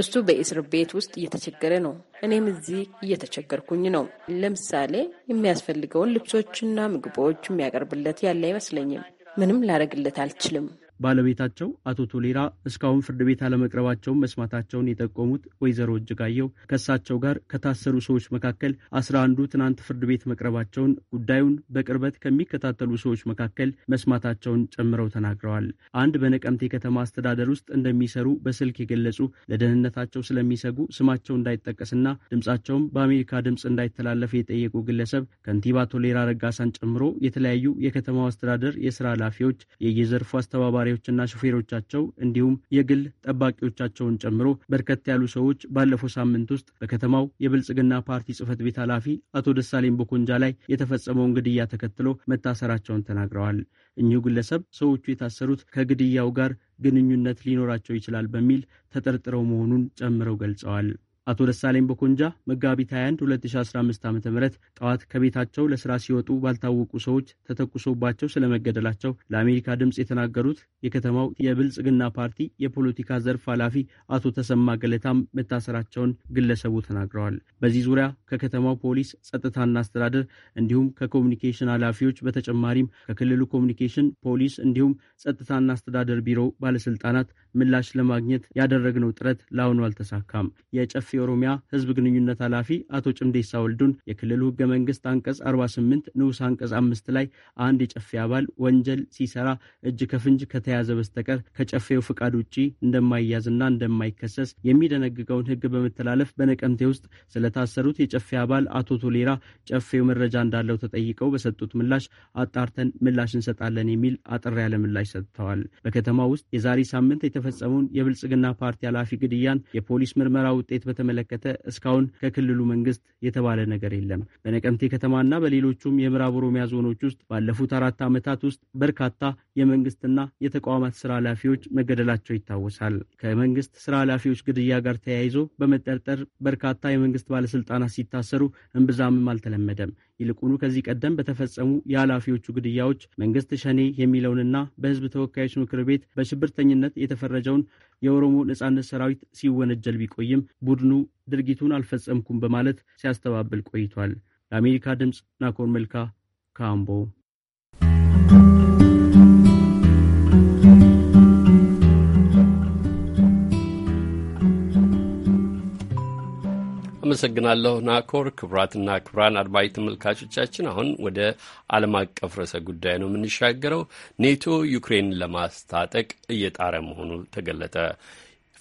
[SPEAKER 6] እሱ በእስር ቤት ውስጥ እየተቸገረ ነው። እኔም እዚህ እየተቸገርኩኝ ነው። ለምሳሌ የሚያስፈልገውን ልብሶችና ምግቦች የሚያቀርብለት ያለ አይመስለኝም። ምንም ላደርግለት አልችልም።
[SPEAKER 2] ባለቤታቸው አቶ ቶሌራ እስካሁን ፍርድ ቤት አለመቅረባቸውን መስማታቸውን የጠቆሙት ወይዘሮ እጅጋየው ከእሳቸው ጋር ከታሰሩ ሰዎች መካከል አስራ አንዱ ትናንት ፍርድ ቤት መቅረባቸውን ጉዳዩን በቅርበት ከሚከታተሉ ሰዎች መካከል መስማታቸውን ጨምረው ተናግረዋል። አንድ በነቀምቴ ከተማ አስተዳደር ውስጥ እንደሚሰሩ በስልክ የገለጹ ለደህንነታቸው ስለሚሰጉ ስማቸው እንዳይጠቀስና ድምፃቸውም በአሜሪካ ድምፅ እንዳይተላለፍ የጠየቁ ግለሰብ ከንቲባ ቶሌራ ረጋሳን ጨምሮ የተለያዩ የከተማው አስተዳደር የስራ ኃላፊዎች፣ የየዘርፉ አስተባባሪ ተሽከርካሪዎችና ሹፌሮቻቸው እንዲሁም የግል ጠባቂዎቻቸውን ጨምሮ በርከት ያሉ ሰዎች ባለፈው ሳምንት ውስጥ በከተማው የብልጽግና ፓርቲ ጽህፈት ቤት ኃላፊ አቶ ደሳሌን ቦኮንጃ ላይ የተፈጸመውን ግድያ ተከትሎ መታሰራቸውን ተናግረዋል። እኚሁ ግለሰብ ሰዎቹ የታሰሩት ከግድያው ጋር ግንኙነት ሊኖራቸው ይችላል በሚል ተጠርጥረው መሆኑን ጨምረው ገልጸዋል። አቶ ደሳለኝ በኮንጃ መጋቢት 21 2015 ዓ ም ጠዋት ከቤታቸው ለስራ ሲወጡ ባልታወቁ ሰዎች ተተኩሶባቸው ስለመገደላቸው ለአሜሪካ ድምፅ የተናገሩት የከተማው የብልጽግና ፓርቲ የፖለቲካ ዘርፍ ኃላፊ አቶ ተሰማ ገለታም መታሰራቸውን ግለሰቡ ተናግረዋል። በዚህ ዙሪያ ከከተማው ፖሊስ ጸጥታና አስተዳደር እንዲሁም ከኮሚኒኬሽን ኃላፊዎች በተጨማሪም ከክልሉ ኮሚኒኬሽን ፖሊስ እንዲሁም ጸጥታና አስተዳደር ቢሮ ባለስልጣናት ምላሽ ለማግኘት ያደረግነው ጥረት ለአሁኑ አልተሳካም። የጨፌ ኦሮሚያ ህዝብ ግንኙነት ኃላፊ አቶ ጭምዴሳ ወልዱን የክልሉ ህገ መንግስት አንቀጽ 48 ንዑስ አንቀጽ አምስት ላይ አንድ የጨፌ አባል ወንጀል ሲሰራ እጅ ከፍንጅ ከተያዘ በስተቀር ከጨፌው ፍቃድ ውጪ እንደማይያዝና እንደማይከሰስ የሚደነግገውን ህግ በመተላለፍ በነቀምቴ ውስጥ ስለታሰሩት የጨፌ አባል አቶ ቶሌራ ጨፌው መረጃ እንዳለው ተጠይቀው በሰጡት ምላሽ አጣርተን ምላሽ እንሰጣለን የሚል አጠር ያለ ምላሽ ሰጥተዋል። በከተማ ውስጥ የዛሬ ሳምንት የተፈጸመውን የብልጽግና ፓርቲ ኃላፊ ግድያን የፖሊስ ምርመራ ውጤት በተመለከተ እስካሁን ከክልሉ መንግስት የተባለ ነገር የለም። በነቀምቴ ከተማና በሌሎቹም የምዕራብ ኦሮሚያ ዞኖች ውስጥ ባለፉት አራት ዓመታት ውስጥ በርካታ የመንግስትና የተቋማት ስራ ኃላፊዎች መገደላቸው ይታወሳል። ከመንግስት ስራ ኃላፊዎች ግድያ ጋር ተያይዞ በመጠርጠር በርካታ የመንግስት ባለስልጣናት ሲታሰሩ እምብዛምም አልተለመደም። ይልቁኑ ከዚህ ቀደም በተፈጸሙ የኃላፊዎቹ ግድያዎች መንግስት ሸኔ የሚለውንና በህዝብ ተወካዮች ምክር ቤት በሽብርተኝነት የተፈረጀውን የኦሮሞ ነጻነት ሰራዊት ሲወነጀል ቢቆይም ቡድኑ ድርጊቱን አልፈጸምኩም በማለት ሲያስተባብል ቆይቷል። ለአሜሪካ ድምፅ ናኮር መልካ ካምቦ
[SPEAKER 3] አመሰግናለሁ ናኮር። ክቡራትና ክቡራን አድማጭ ተመልካቾቻችን አሁን ወደ ዓለም አቀፍ ርዕሰ ጉዳይ ነው የምንሻገረው። ኔቶ ዩክሬንን ለማስታጠቅ እየጣረ መሆኑ ተገለጠ።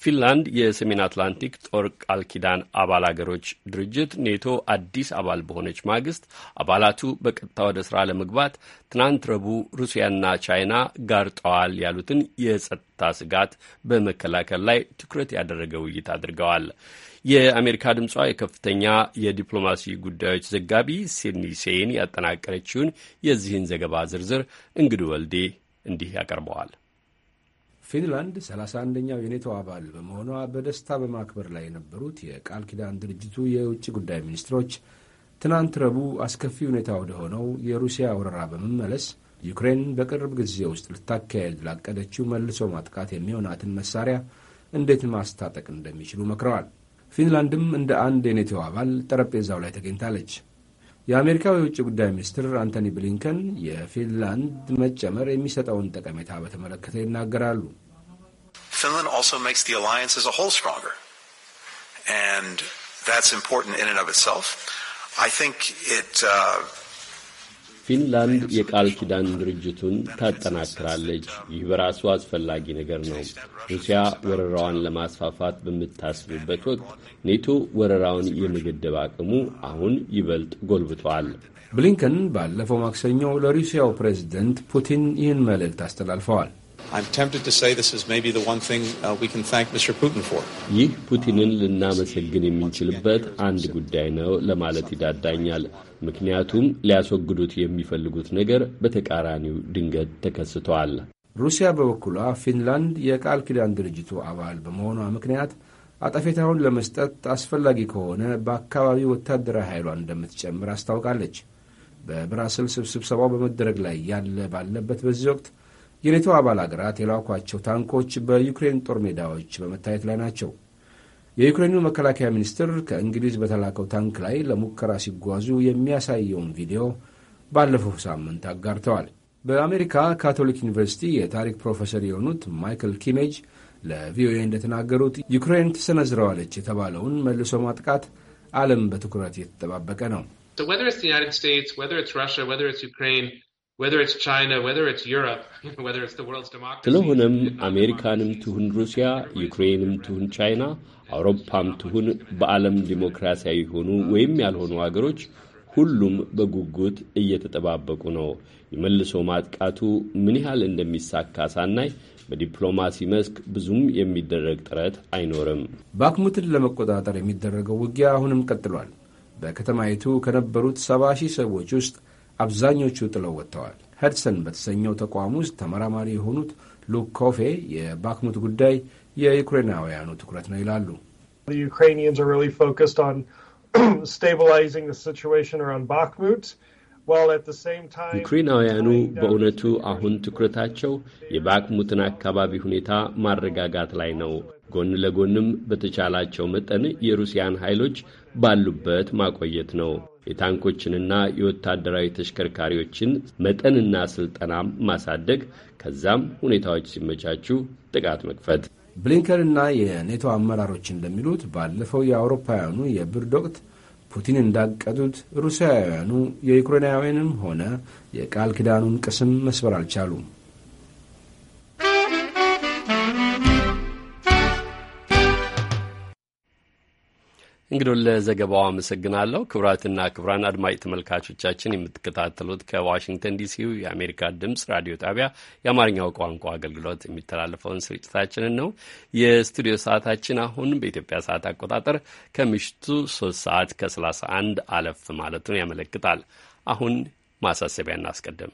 [SPEAKER 3] ፊንላንድ የሰሜን አትላንቲክ ጦር ቃል ኪዳን አባል አገሮች ድርጅት ኔቶ አዲስ አባል በሆነች ማግስት አባላቱ በቀጥታ ወደ ስራ ለመግባት ትናንት ረቡዕ ሩሲያና ቻይና ጋርጠዋል ያሉትን የጸጥታ ስጋት በመከላከል ላይ ትኩረት ያደረገ ውይይት አድርገዋል። የአሜሪካ ድምጿ የከፍተኛ የዲፕሎማሲ ጉዳዮች ዘጋቢ ሲድኒ ሴን ያጠናቀረችውን የዚህን ዘገባ ዝርዝር እንግዱ ወልዴ እንዲህ ያቀርበዋል።
[SPEAKER 7] ፊንላንድ 31ኛው የኔቶ አባል በመሆኗ በደስታ በማክበር ላይ የነበሩት የቃል ኪዳን ድርጅቱ የውጭ ጉዳይ ሚኒስትሮች ትናንት ረቡዕ አስከፊ ሁኔታ ወደ ሆነው የሩሲያ ወረራ በመመለስ ዩክሬን በቅርብ ጊዜ ውስጥ ልታካሄድ ላቀደችው መልሶ ማጥቃት የሚሆናትን መሳሪያ እንዴት ማስታጠቅ እንደሚችሉ መክረዋል። ፊንላንድም እንደ አንድ የኔቶ አባል ጠረጴዛው ላይ ተገኝታለች። የአሜሪካው የውጭ ጉዳይ ሚኒስትር አንቶኒ ብሊንከን የፊንላንድ መጨመር የሚሰጠውን ጠቀሜታ በተመለከተ ይናገራሉ።
[SPEAKER 9] ፊንላንድ
[SPEAKER 3] ፊንላንድ የቃል ኪዳን ድርጅቱን ታጠናክራለች። ይህ በራሱ አስፈላጊ ነገር ነው። ሩሲያ ወረራዋን ለማስፋፋት በምታስብበት ወቅት ኔቶ ወረራውን የመገደብ አቅሙ አሁን ይበልጥ ጎልብቷል።
[SPEAKER 7] ብሊንከን ባለፈው ማክሰኞ ለሩሲያው ፕሬዝደንት ፑቲን ይህን መልእክት አስተላልፈዋል።
[SPEAKER 10] uh,
[SPEAKER 3] ይህ ፑቲንን ልናመሰግን የምንችልበት አንድ ጉዳይ ነው ለማለት ይዳዳኛል። ምክንያቱም ሊያስወግዱት የሚፈልጉት ነገር በተቃራኒው ድንገት ተከስተዋል።
[SPEAKER 7] ሩሲያ በበኩሏ ፊንላንድ የቃል ኪዳን ድርጅቱ አባል በመሆኗ ምክንያት አጠፌታውን ለመስጠት አስፈላጊ ከሆነ በአካባቢው ወታደራዊ ኃይሏን እንደምትጨምር አስታውቃለች። በብራስልስ ስብሰባው በመደረግ ላይ ያለ ባለበት በዚህ ወቅት የኔቶ አባል አገራት የላኳቸው ታንኮች በዩክሬን ጦር ሜዳዎች በመታየት ላይ ናቸው። የዩክሬኑ መከላከያ ሚኒስትር ከእንግሊዝ በተላከው ታንክ ላይ ለሙከራ ሲጓዙ የሚያሳየውን ቪዲዮ ባለፈው ሳምንት አጋርተዋል። በአሜሪካ ካቶሊክ ዩኒቨርሲቲ የታሪክ ፕሮፌሰር የሆኑት ማይክል ኪሜጅ ለቪኦኤ እንደተናገሩት ዩክሬን ትሰነዝረዋለች የተባለውን መልሶ ማጥቃት ዓለም በትኩረት እየተጠባበቀ ነው።
[SPEAKER 3] ስለሆነም አሜሪካንም ትሁን ሩሲያ፣ ዩክሬንም ትሁን ቻይና አውሮፓም ትሁን በዓለም ዲሞክራሲያዊ የሆኑ ወይም ያልሆኑ አገሮች ሁሉም በጉጉት እየተጠባበቁ ነው። የመልሶ ማጥቃቱ ምን ያህል እንደሚሳካ ሳናይ በዲፕሎማሲ መስክ ብዙም የሚደረግ ጥረት አይኖርም። ባክሙትን
[SPEAKER 7] ለመቆጣጠር የሚደረገው ውጊያ አሁንም ቀጥሏል። በከተማይቱ ከነበሩት ሰባ ሺህ ሰዎች ውስጥ አብዛኞቹ ጥለው ወጥተዋል። ሄድሰን በተሰኘው ተቋም ውስጥ ተመራማሪ የሆኑት ሉክ ኮፌ የባክሙት ጉዳይ የዩክሬናውያኑ ትኩረት ነው ይላሉ።
[SPEAKER 10] ዩክሬናውያኑ በእውነቱ
[SPEAKER 3] አሁን ትኩረታቸው የባክሙትን አካባቢ ሁኔታ ማረጋጋት ላይ ነው። ጎን ለጎንም በተቻላቸው መጠን የሩሲያን ኃይሎች ባሉበት ማቆየት ነው። የታንኮችንና የወታደራዊ ተሽከርካሪዎችን መጠንና ስልጠናም ማሳደግ፣ ከዛም ሁኔታዎች ሲመቻቹ ጥቃት መክፈት
[SPEAKER 7] ብሊንከንና የኔቶ አመራሮች እንደሚሉት ባለፈው የአውሮፓውያኑ የብርድ ወቅት ፑቲን እንዳቀዱት ሩሲያውያኑ የዩክሬናውያንም ሆነ የቃል ኪዳኑን ቅስም መስበር አልቻሉም።
[SPEAKER 3] እንግዲህ ለዘገባው አመሰግናለሁ። ክቡራትና ክቡራን አድማጭ ተመልካቾቻችን የምትከታተሉት ከዋሽንግተን ዲሲው የአሜሪካ ድምፅ ራዲዮ ጣቢያ የአማርኛው ቋንቋ አገልግሎት የሚተላለፈውን ስርጭታችንን ነው። የስቱዲዮ ሰዓታችን አሁን በኢትዮጵያ ሰዓት አቆጣጠር ከምሽቱ ሶስት ሰዓት ከ አንድ አለፍ ማለቱን ያመለክታል። አሁን ማሳሰቢያ እናስቀድም።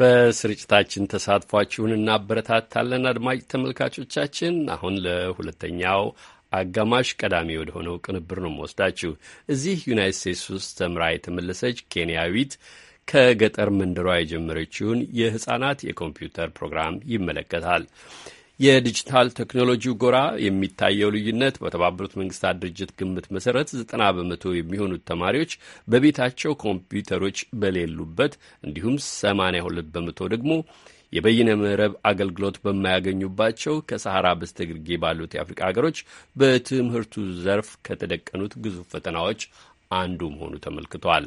[SPEAKER 3] በስርጭታችን ተሳትፏችሁን እናበረታታለን። አድማጭ ተመልካቾቻችን፣ አሁን ለሁለተኛው አጋማሽ ቀዳሚ ወደ ሆነው ቅንብር ነው መወስዳችሁ። እዚህ ዩናይት ስቴትስ ውስጥ ተምራ የተመለሰች ኬንያዊት ከገጠር መንደሯ የጀመረችውን የሕፃናት የኮምፒውተር ፕሮግራም ይመለከታል። የዲጂታል ቴክኖሎጂ ጎራ የሚታየው ልዩነት በተባበሩት መንግስታት ድርጅት ግምት መሰረት ዘጠና በመቶ የሚሆኑት ተማሪዎች በቤታቸው ኮምፒውተሮች በሌሉበት እንዲሁም ሰማንያ ሁለት በመቶ ደግሞ የበይነ መረብ አገልግሎት በማያገኙባቸው ከሰሐራ በስተግርጌ ባሉት የአፍሪቃ ሀገሮች በትምህርቱ ዘርፍ ከተደቀኑት ግዙፍ ፈተናዎች አንዱ መሆኑ ተመልክቷል።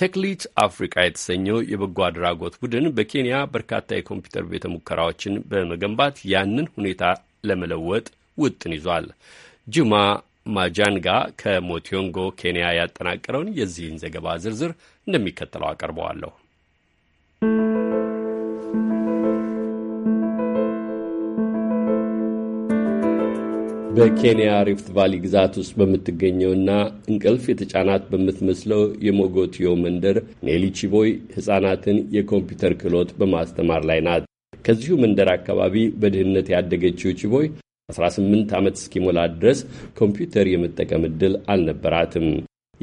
[SPEAKER 3] ቴክሊት አፍሪቃ የተሰኘው የበጎ አድራጎት ቡድን በኬንያ በርካታ የኮምፒውተር ቤተ ሙከራዎችን በመገንባት ያንን ሁኔታ ለመለወጥ ውጥን ይዟል። ጁማ ማጃንጋ ከሞቲዮንጎ ኬንያ ያጠናቀረውን የዚህን ዘገባ ዝርዝር እንደሚከተለው አቀርበዋለሁ። በኬንያ ሪፍት ቫሊ ግዛት ውስጥ በምትገኘውና እንቅልፍ የተጫናት በምትመስለው የሞጎትዮ መንደር ኔሊ ቺቦይ ሕፃናትን የኮምፒውተር ክህሎት በማስተማር ላይ ናት። ከዚሁ መንደር አካባቢ በድህነት ያደገችው ቺቦይ 18 ዓመት እስኪሞላት ድረስ ኮምፒውተር የመጠቀም ዕድል አልነበራትም።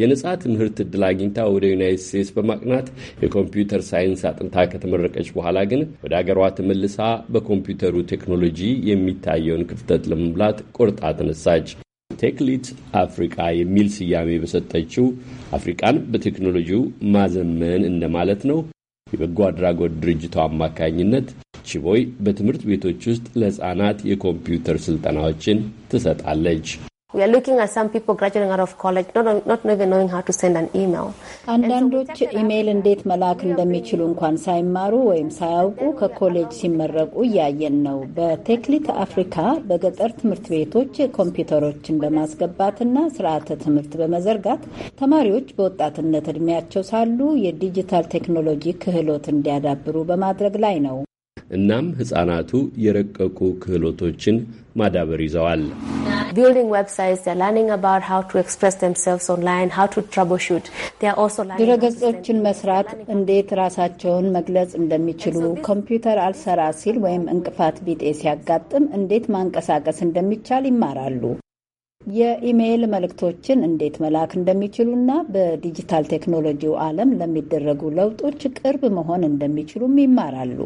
[SPEAKER 3] የነጻ ትምህርት እድል አግኝታ ወደ ዩናይትድ ስቴትስ በማቅናት የኮምፒውተር ሳይንስ አጥንታ ከተመረቀች በኋላ ግን ወደ አገሯ ተመልሳ በኮምፒውተሩ ቴክኖሎጂ የሚታየውን ክፍተት ለመሙላት ቆርጣ ተነሳች። ቴክሊት አፍሪቃ የሚል ስያሜ በሰጠችው አፍሪቃን በቴክኖሎጂው ማዘመን እንደማለት ነው የበጎ አድራጎት ድርጅቷ አማካኝነት ቺቦይ በትምህርት ቤቶች ውስጥ ለሕፃናት የኮምፒውተር ስልጠናዎችን ትሰጣለች።
[SPEAKER 6] we are looking at
[SPEAKER 4] አንዳንዶች ኢሜይል እንዴት መላክ እንደሚችሉ እንኳን ሳይማሩ ወይም ሳያውቁ ከኮሌጅ ሲመረቁ እያየን ነው። በቴክኒክ አፍሪካ በገጠር ትምህርት ቤቶች ኮምፒውተሮችን በማስገባትና ስርዓተ ትምህርት በመዘርጋት ተማሪዎች በወጣትነት እድሜያቸው ሳሉ የዲጂታል ቴክኖሎጂ ክህሎት እንዲያዳብሩ በማድረግ ላይ ነው።
[SPEAKER 3] እናም ህጻናቱ የረቀቁ ክህሎቶችን ማዳበር ይዘዋል።
[SPEAKER 4] ድረገጾችን መስራት፣ እንዴት ራሳቸውን መግለጽ እንደሚችሉ፣ ኮምፒውተር አልሰራ ሲል ወይም እንቅፋት ቢጤ ሲያጋጥም እንዴት ማንቀሳቀስ እንደሚቻል ይማራሉ። የኢሜይል መልእክቶችን እንዴት መላክ እንደሚችሉና በዲጂታል ቴክኖሎጂው ዓለም ለሚደረጉ ለውጦች ቅርብ መሆን እንደሚችሉም ይማራሉ።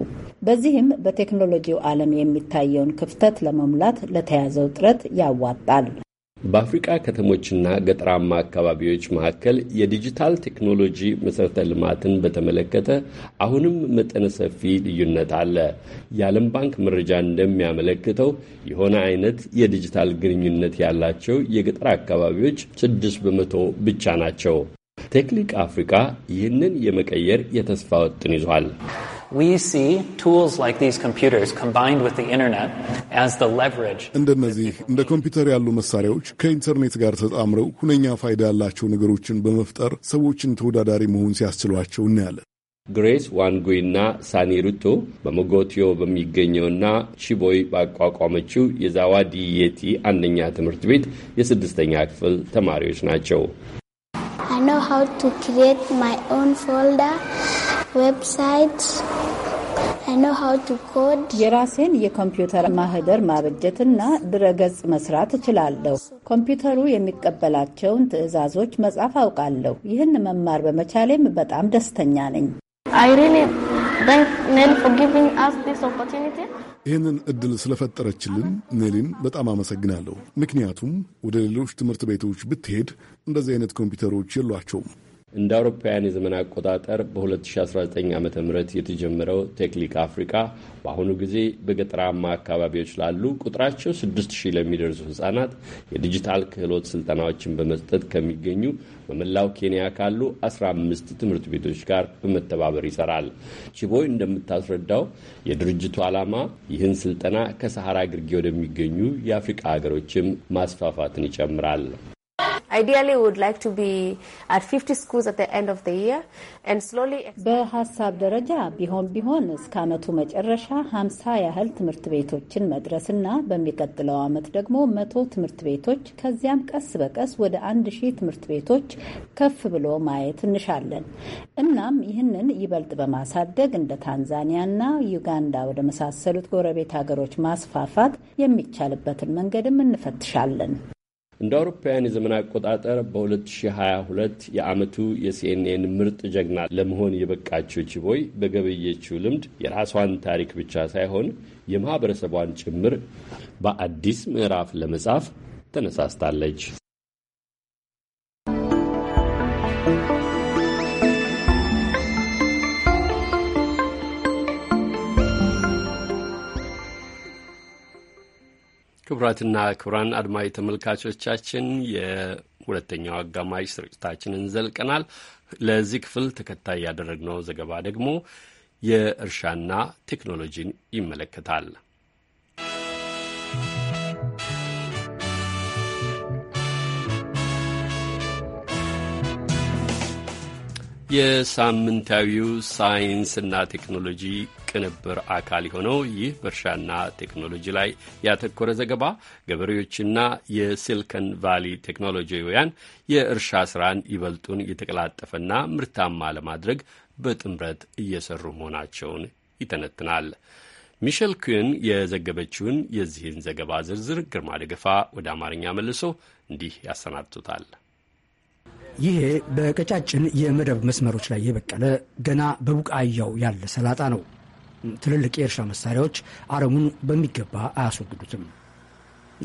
[SPEAKER 4] በዚህም በቴክኖሎጂው ዓለም የሚታየውን ክፍተት ለመሙላት ለተያዘው ጥረት ያዋጣል።
[SPEAKER 3] በአፍሪቃ ከተሞችና ገጠራማ አካባቢዎች መካከል የዲጂታል ቴክኖሎጂ መሠረተ ልማትን በተመለከተ አሁንም መጠነ ሰፊ ልዩነት አለ። የዓለም ባንክ መረጃ እንደሚያመለክተው የሆነ አይነት የዲጂታል ግንኙነት ያላቸው የገጠር አካባቢዎች ስድስት በመቶ ብቻ ናቸው። ቴክኒክ አፍሪካ ይህንን የመቀየር የተስፋ ወጥን ይዟል።
[SPEAKER 1] እንደነዚህ እንደ ኮምፒውተር ያሉ መሳሪያዎች ከኢንተርኔት ጋር ተጣምረው ሁነኛ ፋይዳ ያላቸው ነገሮችን በመፍጠር ሰዎችን ተወዳዳሪ መሆን ሲያስችሏቸው እናያለን።
[SPEAKER 3] ግሬስ ዋንጉይና ሳኒ ሩቶ በሞጎቲዮ በሚገኘውና ቺቦይ ባቋቋመችው የዛዋዲየቲ አንደኛ ትምህርት ቤት የስድስተኛ ክፍል ተማሪዎች ናቸው።
[SPEAKER 4] I know how to create my own folder, websites. የራሴን የኮምፒውተር ማህደር ማበጀትና ድረገጽ መስራት እችላለሁ። ኮምፒውተሩ የሚቀበላቸውን ትዕዛዞች መጻፍ አውቃለሁ። ይህን መማር በመቻሌም በጣም ደስተኛ ነኝ።
[SPEAKER 1] ይህንን እድል ስለፈጠረችልን ኔሊን በጣም አመሰግናለሁ። ምክንያቱም ወደ ሌሎች ትምህርት ቤቶች ብትሄድ እንደዚህ አይነት ኮምፒውተሮች የሏቸውም።
[SPEAKER 3] እንደ አውሮፓውያን የዘመን አቆጣጠር በ2019 ዓ ም የተጀመረው ቴክሊክ አፍሪካ በአሁኑ ጊዜ በገጠራማ አካባቢዎች ላሉ ቁጥራቸው 6000 ለሚደርሱ ህጻናት የዲጂታል ክህሎት ስልጠናዎችን በመስጠት ከሚገኙ በመላው ኬንያ ካሉ 15 ትምህርት ቤቶች ጋር በመተባበር ይሰራል። ቺቦይ እንደምታስረዳው የድርጅቱ ዓላማ ይህን ስልጠና ከሰሐራ ግርጌ ወደሚገኙ የአፍሪቃ ሀገሮችም ማስፋፋትን ይጨምራል።
[SPEAKER 4] አይዲያሊ ውድ በሀሳብ ደረጃ ቢሆን ቢሆን እስከ ዓመቱ መጨረሻ ሀምሳ ያህል ትምህርት ቤቶችን መድረስና በሚቀጥለው ዓመት ደግሞ መቶ ትምህርት ቤቶች ከዚያም ቀስ በቀስ ወደ አንድ ሺህ ትምህርት ቤቶች ከፍ ብሎ ማየት እንሻለን። እናም ይህንን ይበልጥ በማሳደግ እንደ ታንዛኒያና ዩጋንዳ ወደ መሳሰሉት ጎረቤት ሀገሮች ማስፋፋት የሚቻልበትን መንገድም እንፈትሻለን።
[SPEAKER 3] እንደ አውሮፓውያን የዘመን አቆጣጠር በ2022 የዓመቱ የሲኤንኤን ምርጥ ጀግና ለመሆን የበቃችው ቺቦይ በገበየችው ልምድ የራሷን ታሪክ ብቻ ሳይሆን የማኅበረሰቧን ጭምር በአዲስ ምዕራፍ ለመጻፍ ተነሳስታለች። ክቡራትና ክቡራን አድማዊ ተመልካቾቻችን የሁለተኛው አጋማሽ ስርጭታችንን ዘልቀናል። ለዚህ ክፍል ተከታይ ያደረግነው ዘገባ ደግሞ የእርሻና ቴክኖሎጂን ይመለከታል። የሳምንታዊው ሳይንስና ቴክኖሎጂ ቅንብር አካል የሆነው ይህ በእርሻና ቴክኖሎጂ ላይ ያተኮረ ዘገባ ገበሬዎችና የሲልከን ቫሊ ቴክኖሎጂውያን የእርሻ ስራን ይበልጡን የተቀላጠፈና ምርታማ ለማድረግ በጥምረት እየሰሩ መሆናቸውን ይተነትናል። ሚሸል ኩን የዘገበችውን የዚህን ዘገባ ዝርዝር ግርማ ደገፋ ወደ አማርኛ መልሶ እንዲህ ያሰናድቱታል።
[SPEAKER 10] ይሄ በቀጫጭን የመደብ መስመሮች ላይ የበቀለ ገና በቡቃያው ያለ ሰላጣ ነው። ትልልቅ የእርሻ መሳሪያዎች አረሙን በሚገባ አያስወግዱትም።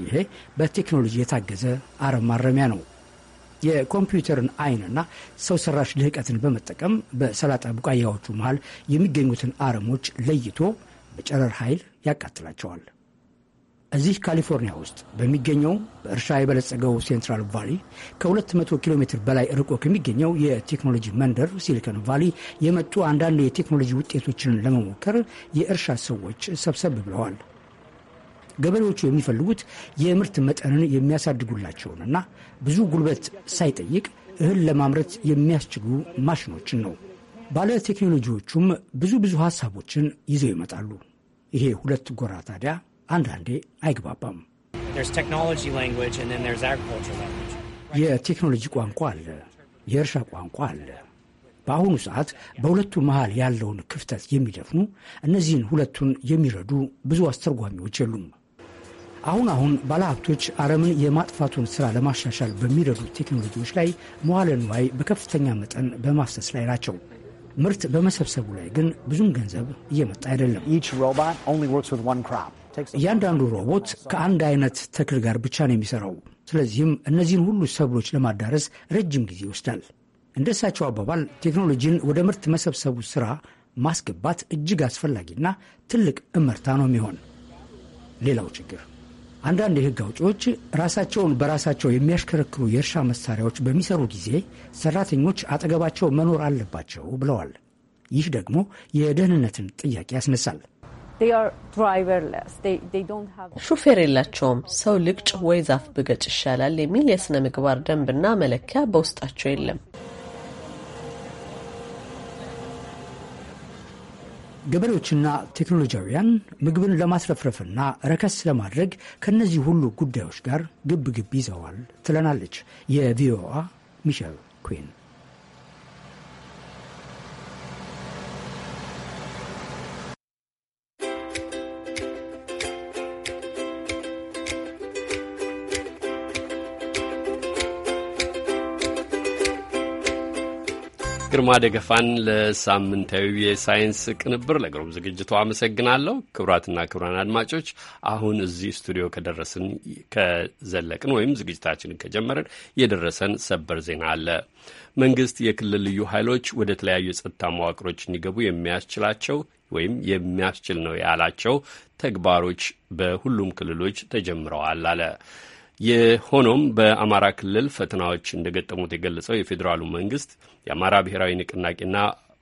[SPEAKER 10] ይሄ በቴክኖሎጂ የታገዘ አረም ማረሚያ ነው። የኮምፒውተርን አይንና ሰው ሰራሽ ልህቀትን በመጠቀም በሰላጣ ቡቃያዎቹ መሃል የሚገኙትን አረሞች ለይቶ በጨረር ኃይል ያቃጥላቸዋል። እዚህ ካሊፎርኒያ ውስጥ በሚገኘው በእርሻ የበለጸገው ሴንትራል ቫሊ ከ200 ኪሎ ሜትር በላይ ርቆ ከሚገኘው የቴክኖሎጂ መንደር ሲሊኮን ቫሊ የመጡ አንዳንድ የቴክኖሎጂ ውጤቶችን ለመሞከር የእርሻ ሰዎች ሰብሰብ ብለዋል። ገበሬዎቹ የሚፈልጉት የምርት መጠንን የሚያሳድጉላቸውንና ብዙ ጉልበት ሳይጠይቅ እህል ለማምረት የሚያስችሉ ማሽኖችን ነው። ባለ ቴክኖሎጂዎቹም ብዙ ብዙ ሀሳቦችን ይዘው ይመጣሉ። ይሄ ሁለት ጎራ ታዲያ አንዳንዴ አይግባባም። የቴክኖሎጂ ቋንቋ አለ፣ የእርሻ ቋንቋ አለ። በአሁኑ ሰዓት በሁለቱ መሃል ያለውን ክፍተት የሚደፍኑ እነዚህን ሁለቱን የሚረዱ ብዙ አስተርጓሚዎች የሉም። አሁን አሁን ባለሀብቶች አረምን የማጥፋቱን ስራ ለማሻሻል በሚረዱ ቴክኖሎጂዎች ላይ መዋለ ንዋይ በከፍተኛ መጠን በማፍሰስ ላይ ናቸው። ምርት በመሰብሰቡ ላይ ግን ብዙም ገንዘብ እየመጣ አይደለም። እያንዳንዱ ሮቦት ከአንድ አይነት ተክል ጋር ብቻ ነው የሚሰራው። ስለዚህም እነዚህን ሁሉ ሰብሎች ለማዳረስ ረጅም ጊዜ ይወስዳል። እንደ እሳቸው አባባል ቴክኖሎጂን ወደ ምርት መሰብሰቡ ስራ ማስገባት እጅግ አስፈላጊና ትልቅ እመርታ ነው የሚሆን። ሌላው ችግር አንዳንድ የህግ አውጪዎች ራሳቸውን በራሳቸው የሚያሽከረክሩ የእርሻ መሳሪያዎች በሚሰሩ ጊዜ ሰራተኞች አጠገባቸው መኖር አለባቸው ብለዋል። ይህ ደግሞ የደህንነትን ጥያቄ ያስነሳል። ሹፌር የላቸውም። ሰው ልቅጭ
[SPEAKER 6] ወይ ዛፍ ብገጭ ይሻላል የሚል የሥነ ምግባር ደንብና መለኪያ በውስጣቸው የለም።
[SPEAKER 10] ገበሬዎችና ቴክኖሎጂያውያን ምግብን ለማስረፍረፍና ረከስ ለማድረግ ከእነዚህ ሁሉ ጉዳዮች ጋር ግብ ግብ ይዘዋል ትለናለች የቪኦአ ሚሸል ኩን።
[SPEAKER 3] ግርማ ደገፋን ለሳምንታዊ የሳይንስ ቅንብር ለግሩም ዝግጅቱ አመሰግናለሁ። ክቡራትና ክቡራን አድማጮች አሁን እዚህ ስቱዲዮ ከደረስን ከዘለቅን ወይም ዝግጅታችንን ከጀመርን የደረሰን ሰበር ዜና አለ። መንግስት የክልል ልዩ ኃይሎች ወደ ተለያዩ የጸጥታ መዋቅሮች እንዲገቡ የሚያስችላቸው ወይም የሚያስችል ነው ያላቸው ተግባሮች በሁሉም ክልሎች ተጀምረዋል አለ። የሆኖም በአማራ ክልል ፈተናዎች እንደገጠሙት የገለጸው የፌዴራሉ መንግስት የአማራ ብሔራዊ ንቅናቄና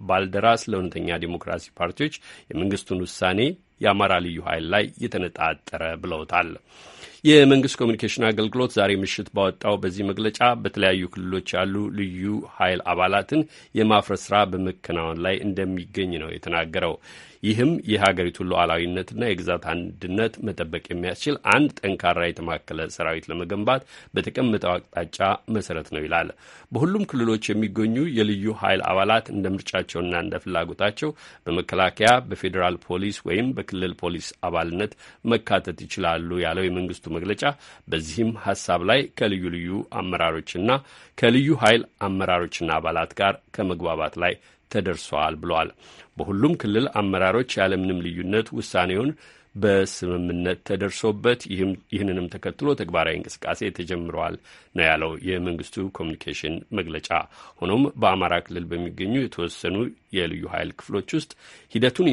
[SPEAKER 3] ባልደራስ ለእውነተኛ ዴሞክራሲ ፓርቲዎች የመንግስቱን ውሳኔ የአማራ ልዩ ኃይል ላይ የተነጣጠረ ብለውታል። የመንግስት ኮሚኒኬሽን አገልግሎት ዛሬ ምሽት ባወጣው በዚህ መግለጫ በተለያዩ ክልሎች ያሉ ልዩ ኃይል አባላትን የማፍረስ ስራ በመከናወን ላይ እንደሚገኝ ነው የተናገረው። ይህም የሀገሪቱን ሉዓላዊነትና የግዛት አንድነት መጠበቅ የሚያስችል አንድ ጠንካራ የተማከለ ሰራዊት ለመገንባት በተቀመጠው አቅጣጫ መሰረት ነው ይላል። በሁሉም ክልሎች የሚገኙ የልዩ ኃይል አባላት እንደ ምርጫቸውና እንደ ፍላጎታቸው በመከላከያ በፌዴራል ፖሊስ ወይም በክልል ፖሊስ አባልነት መካተት ይችላሉ ያለው የመንግስቱ መግለጫ በዚህም ሀሳብ ላይ ከልዩ ልዩ አመራሮችና ከልዩ ኃይል አመራሮችና አባላት ጋር ከመግባባት ላይ ተደርሷል ብሏል። በሁሉም ክልል አመራሮች ያለምንም ልዩነት ውሳኔውን በስምምነት ተደርሶበት ይህንንም ተከትሎ ተግባራዊ እንቅስቃሴ ተጀምረዋል ነው ያለው የመንግስቱ ኮሚኒኬሽን መግለጫ። ሆኖም በአማራ ክልል በሚገኙ የተወሰኑ የልዩ ኃይል ክፍሎች ውስጥ ሂደቱን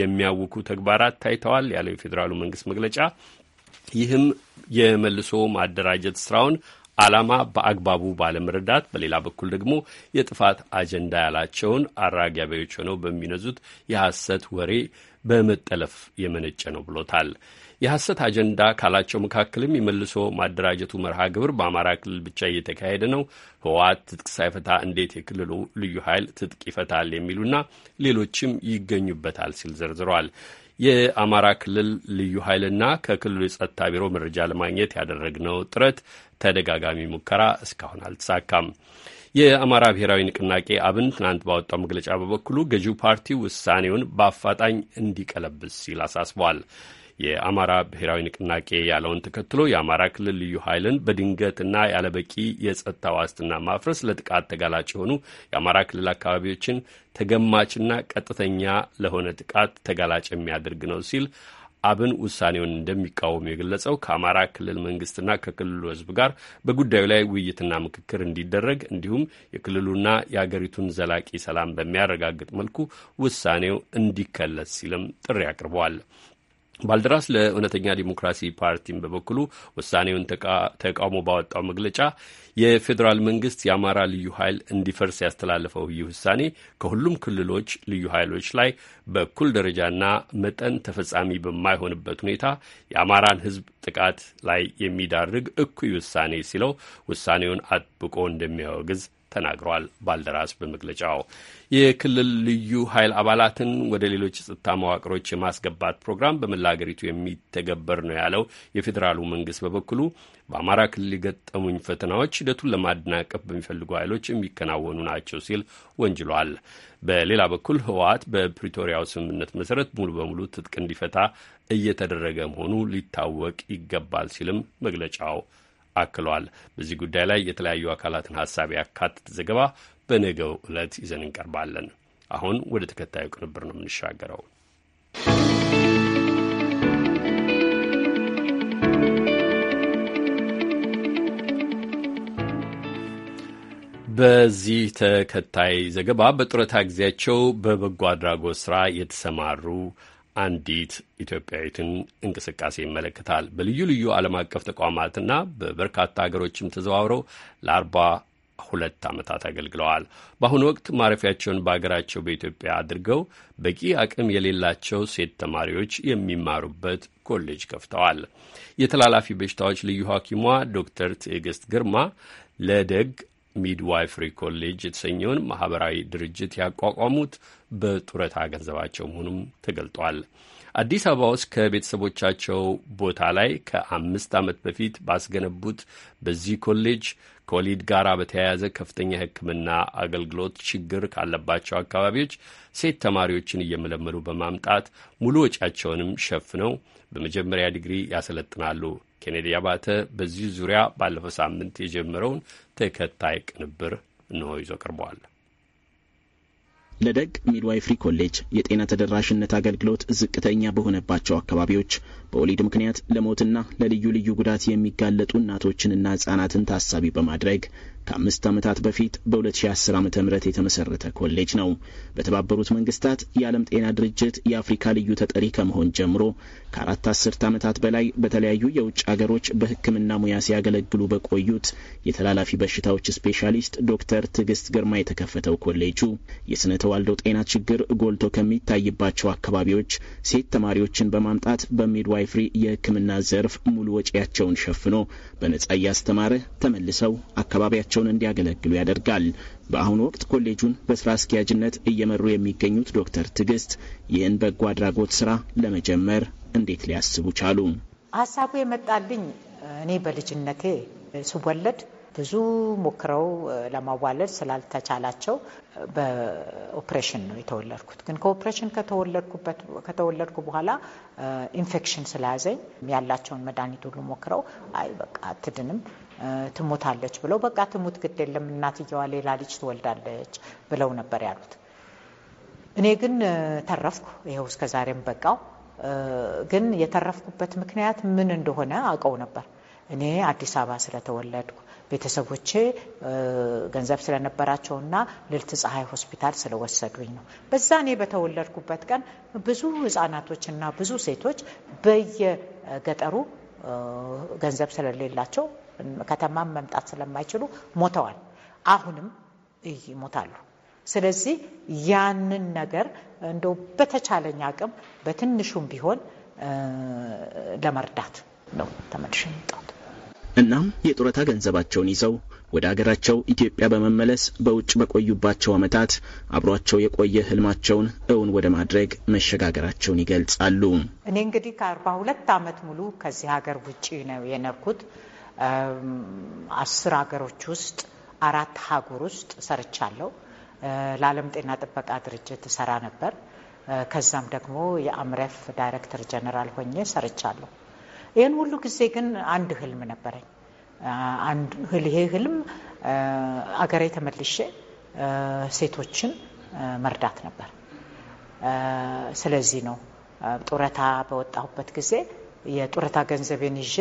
[SPEAKER 3] የሚያውኩ ተግባራት ታይተዋል ያለው የፌዴራሉ መንግስት መግለጫ ይህም የመልሶ ማደራጀት ስራውን ዓላማ በአግባቡ ባለመረዳት፣ በሌላ በኩል ደግሞ የጥፋት አጀንዳ ያላቸውን አራጋቢዎች ሆነው በሚነዙት የሐሰት ወሬ በመጠለፍ የመነጨ ነው ብሎታል። የሐሰት አጀንዳ ካላቸው መካከልም የመልሶ ማደራጀቱ መርሃ ግብር በአማራ ክልል ብቻ እየተካሄደ ነው፣ ህወሓት ትጥቅ ሳይፈታ እንዴት የክልሉ ልዩ ኃይል ትጥቅ ይፈታል የሚሉና ሌሎችም ይገኙበታል ሲል ዘርዝረዋል። የአማራ ክልል ልዩ ኃይልና ከክልሉ የጸጥታ ቢሮ መረጃ ለማግኘት ያደረግነው ጥረት ተደጋጋሚ ሙከራ እስካሁን አልተሳካም። የአማራ ብሔራዊ ንቅናቄ አብን ትናንት ባወጣው መግለጫ በበኩሉ ገዢው ፓርቲ ውሳኔውን በአፋጣኝ እንዲቀለብስ ሲል አሳስቧል። የአማራ ብሔራዊ ንቅናቄ ያለውን ተከትሎ የአማራ ክልል ልዩ ኃይልን በድንገትና ያለበቂ የጸጥታ ዋስትና ማፍረስ ለጥቃት ተጋላጭ የሆኑ የአማራ ክልል አካባቢዎችን ተገማችና ቀጥተኛ ለሆነ ጥቃት ተጋላጭ የሚያደርግ ነው ሲል አብን ውሳኔውን እንደሚቃወሙ የገለጸው ከአማራ ክልል መንግስትና ከክልሉ ሕዝብ ጋር በጉዳዩ ላይ ውይይትና ምክክር እንዲደረግ እንዲሁም የክልሉና የአገሪቱን ዘላቂ ሰላም በሚያረጋግጥ መልኩ ውሳኔው እንዲከለስ ሲልም ጥሪ አቅርበዋል። ባልደራስ ለእውነተኛ ዲሞክራሲ ፓርቲን በበኩሉ ውሳኔውን ተቃውሞ ባወጣው መግለጫ የፌዴራል መንግስት የአማራ ልዩ ኃይል እንዲፈርስ ያስተላለፈው ይህ ውሳኔ ከሁሉም ክልሎች ልዩ ኃይሎች ላይ በእኩል ደረጃና መጠን ተፈጻሚ በማይሆንበት ሁኔታ የአማራን ሕዝብ ጥቃት ላይ የሚዳርግ እኩይ ውሳኔ ሲለው ውሳኔውን አጥብቆ እንደሚያወግዝ ተናግሯል። ባልደራስ በመግለጫው የክልል ልዩ ኃይል አባላትን ወደ ሌሎች የጸጥታ መዋቅሮች የማስገባት ፕሮግራም በመላ አገሪቱ የሚተገበር ነው ያለው የፌዴራሉ መንግስት በበኩሉ በአማራ ክልል የገጠሙኝ ፈተናዎች ሂደቱን ለማደናቀፍ በሚፈልጉ ኃይሎች የሚከናወኑ ናቸው ሲል ወንጅሏል። በሌላ በኩል ህወሓት በፕሪቶሪያው ስምምነት መሰረት ሙሉ በሙሉ ትጥቅ እንዲፈታ እየተደረገ መሆኑ ሊታወቅ ይገባል ሲልም መግለጫው አክሏል። በዚህ ጉዳይ ላይ የተለያዩ አካላትን ሀሳብ ያካትት ዘገባ በነገው ዕለት ይዘን እንቀርባለን። አሁን ወደ ተከታዩ ቅንብር ነው የምንሻገረው። በዚህ ተከታይ ዘገባ በጡረታ ጊዜያቸው በበጎ አድራጎት ስራ የተሰማሩ አንዲት ኢትዮጵያዊትን እንቅስቃሴ ይመለከታል። በልዩ ልዩ ዓለም አቀፍ ተቋማትና በበርካታ ሀገሮችም ተዘዋውረው ለአርባ ሁለት ዓመታት አገልግለዋል። በአሁኑ ወቅት ማረፊያቸውን በሀገራቸው በኢትዮጵያ አድርገው በቂ አቅም የሌላቸው ሴት ተማሪዎች የሚማሩበት ኮሌጅ ከፍተዋል። የተላላፊ በሽታዎች ልዩ ሐኪሟ ዶክተር ትዕግስት ግርማ ለደግ ሚድዋይፍሪ ኮሌጅ የተሰኘውን ማህበራዊ ድርጅት ያቋቋሙት በጡረታ ገንዘባቸው መሆኑም ተገልጧል። አዲስ አበባ ውስጥ ከቤተሰቦቻቸው ቦታ ላይ ከአምስት ዓመት በፊት ባስገነቡት በዚህ ኮሌጅ ከወሊድ ጋር በተያያዘ ከፍተኛ ሕክምና አገልግሎት ችግር ካለባቸው አካባቢዎች ሴት ተማሪዎችን እየመለመሉ በማምጣት ሙሉ ወጪያቸውንም ሸፍነው በመጀመሪያ ዲግሪ ያሰለጥናሉ። ኬኔዲ አባተ በዚህ ዙሪያ ባለፈው ሳምንት የጀመረውን ተከታይ ቅንብር እንሆ ይዞ ቀርበዋል።
[SPEAKER 8] ለደግ ሚድዋይፍሪ ኮሌጅ የጤና ተደራሽነት አገልግሎት ዝቅተኛ በሆነባቸው አካባቢዎች በወሊድ ምክንያት ለሞትና ለልዩ ልዩ ጉዳት የሚጋለጡ እናቶችንና ህጻናትን ታሳቢ በማድረግ ከአምስት ዓመታት በፊት በ2010 ዓ ም የተመሰረተ ኮሌጅ ነው። በተባበሩት መንግስታት የዓለም ጤና ድርጅት የአፍሪካ ልዩ ተጠሪ ከመሆን ጀምሮ ከአራት አስርት ዓመታት በላይ በተለያዩ የውጭ አገሮች በሕክምና ሙያ ሲያገለግሉ በቆዩት የተላላፊ በሽታዎች ስፔሻሊስት ዶክተር ትዕግስት ግርማ የተከፈተው ኮሌጁ የስነ ተዋልዶ ጤና ችግር ጎልቶ ከሚታይባቸው አካባቢዎች ሴት ተማሪዎችን በማምጣት በሚድዋ ተስፋዬ ፍሬ የሕክምና ዘርፍ ሙሉ ወጪያቸውን ሸፍኖ በነጻ እያስተማረ ተመልሰው አካባቢያቸውን እንዲያገለግሉ ያደርጋል። በአሁኑ ወቅት ኮሌጁን በስራ አስኪያጅነት እየመሩ የሚገኙት ዶክተር ትዕግስት ይህን በጎ አድራጎት ስራ ለመጀመር እንዴት ሊያስቡ ቻሉ?
[SPEAKER 9] ሀሳቡ የመጣልኝ እኔ በልጅነቴ ስወለድ ብዙ ሞክረው ለማዋለድ ስላልተቻላቸው በኦፕሬሽን ነው የተወለድኩት። ግን ከኦፕሬሽን ከተወለድኩ በኋላ ኢንፌክሽን ስለያዘኝ ያላቸውን መድኃኒት ሁሉ ሞክረው አይ በቃ አትድንም ትሞታለች ብለው በቃ ትሙት ግድ የለም እናትየዋ ሌላ ልጅ ትወልዳለች ብለው ነበር ያሉት። እኔ ግን ተረፍኩ። ይኸው እስከዛሬም በቃው። ግን የተረፍኩበት ምክንያት ምን እንደሆነ አውቀው ነበር። እኔ አዲስ አበባ ስለተወለድኩ ቤተሰቦቼ ገንዘብ ስለነበራቸውና ልልት ፀሐይ ሆስፒታል ስለወሰዱኝ ነው። በዛ እኔ በተወለድኩበት ቀን ብዙ ህጻናቶችና ብዙ ሴቶች በየገጠሩ ገንዘብ ስለሌላቸው ከተማም መምጣት ስለማይችሉ ሞተዋል። አሁንም ይሞታሉ። ስለዚህ ያንን ነገር እንደው በተቻለኝ አቅም በትንሹም ቢሆን ለመርዳት ነው ተመልሼ የመጣሁት።
[SPEAKER 8] እናም የጡረታ ገንዘባቸውን ይዘው ወደ አገራቸው ኢትዮጵያ በመመለስ በውጭ በቆዩባቸው ዓመታት አብሯቸው የቆየ ህልማቸውን እውን ወደ ማድረግ መሸጋገራቸውን ይገልጻሉ።
[SPEAKER 9] እኔ እንግዲህ ከአርባ ሁለት ዓመት ሙሉ ከዚህ ሀገር ውጭ ነው የነኩት። አስር ሀገሮች ውስጥ አራት ሀጉር ውስጥ ሰርቻለሁ። ለዓለም ጤና ጥበቃ ድርጅት እሰራ ነበር። ከዛም ደግሞ የአምረፍ ዳይሬክተር ጀነራል ሆኜ ሰርቻለሁ። ይህን ሁሉ ጊዜ ግን አንድ ህልም ነበረኝ። ይሄ ህልም አገሬ ተመልሼ ሴቶችን መርዳት ነበር። ስለዚህ ነው ጡረታ በወጣሁበት ጊዜ የጡረታ ገንዘቤን ይዤ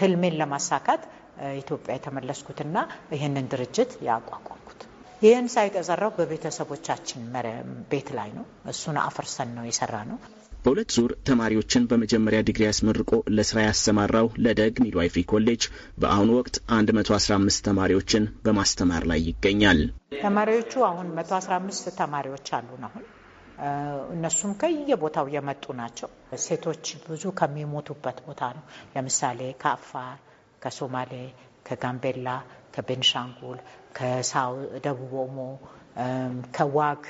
[SPEAKER 9] ህልሜን ለማሳካት ኢትዮጵያ የተመለስኩትና ይህንን ድርጅት ያቋቋምኩት። ይህን ሳይት በቤተሰቦቻችን ቤት ላይ ነው። እሱን አፍርሰን ነው የሰራ ነው።
[SPEAKER 8] በሁለት ዙር ተማሪዎችን በመጀመሪያ ዲግሪ አስመርቆ ለስራ ያሰማራው ለደግ ሚድዋይፍሪ ኮሌጅ በአሁኑ ወቅት 115 ተማሪዎችን በማስተማር ላይ ይገኛል።
[SPEAKER 9] ተማሪዎቹ አሁን 115 ተማሪዎች አሉን አሁን እነሱም ከየቦታው የመጡ ናቸው። ሴቶች ብዙ ከሚሞቱበት ቦታ ነው። ለምሳሌ ከአፋር፣ ከሶማሌ፣ ከጋምቤላ፣ ከቤንሻንጉል፣ ደቡብ ኦሞ፣ ከዋግ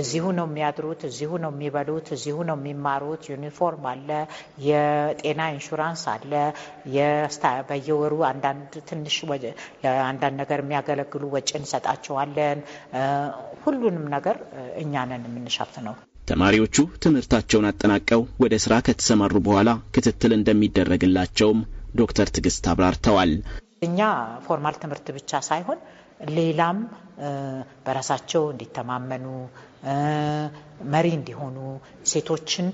[SPEAKER 9] እዚሁ ነው የሚያድሩት፣ እዚሁ ነው የሚበሉት፣ እዚሁ ነው የሚማሩት። ዩኒፎርም አለ፣ የጤና ኢንሹራንስ አለ። በየወሩ አንዳንድ ትንሽ አንዳንድ ነገር የሚያገለግሉ ወጪ እንሰጣቸዋለን። ሁሉንም ነገር እኛንን የምንሻፍ የምንሸፍነው።
[SPEAKER 8] ተማሪዎቹ ትምህርታቸውን አጠናቀው ወደ ስራ ከተሰማሩ በኋላ ክትትል እንደሚደረግላቸውም ዶክተር ትዕግስት አብራርተዋል።
[SPEAKER 9] እኛ ፎርማል ትምህርት ብቻ ሳይሆን ሌላም በራሳቸው እንዲተማመኑ መሪ እንዲሆኑ ሴቶችን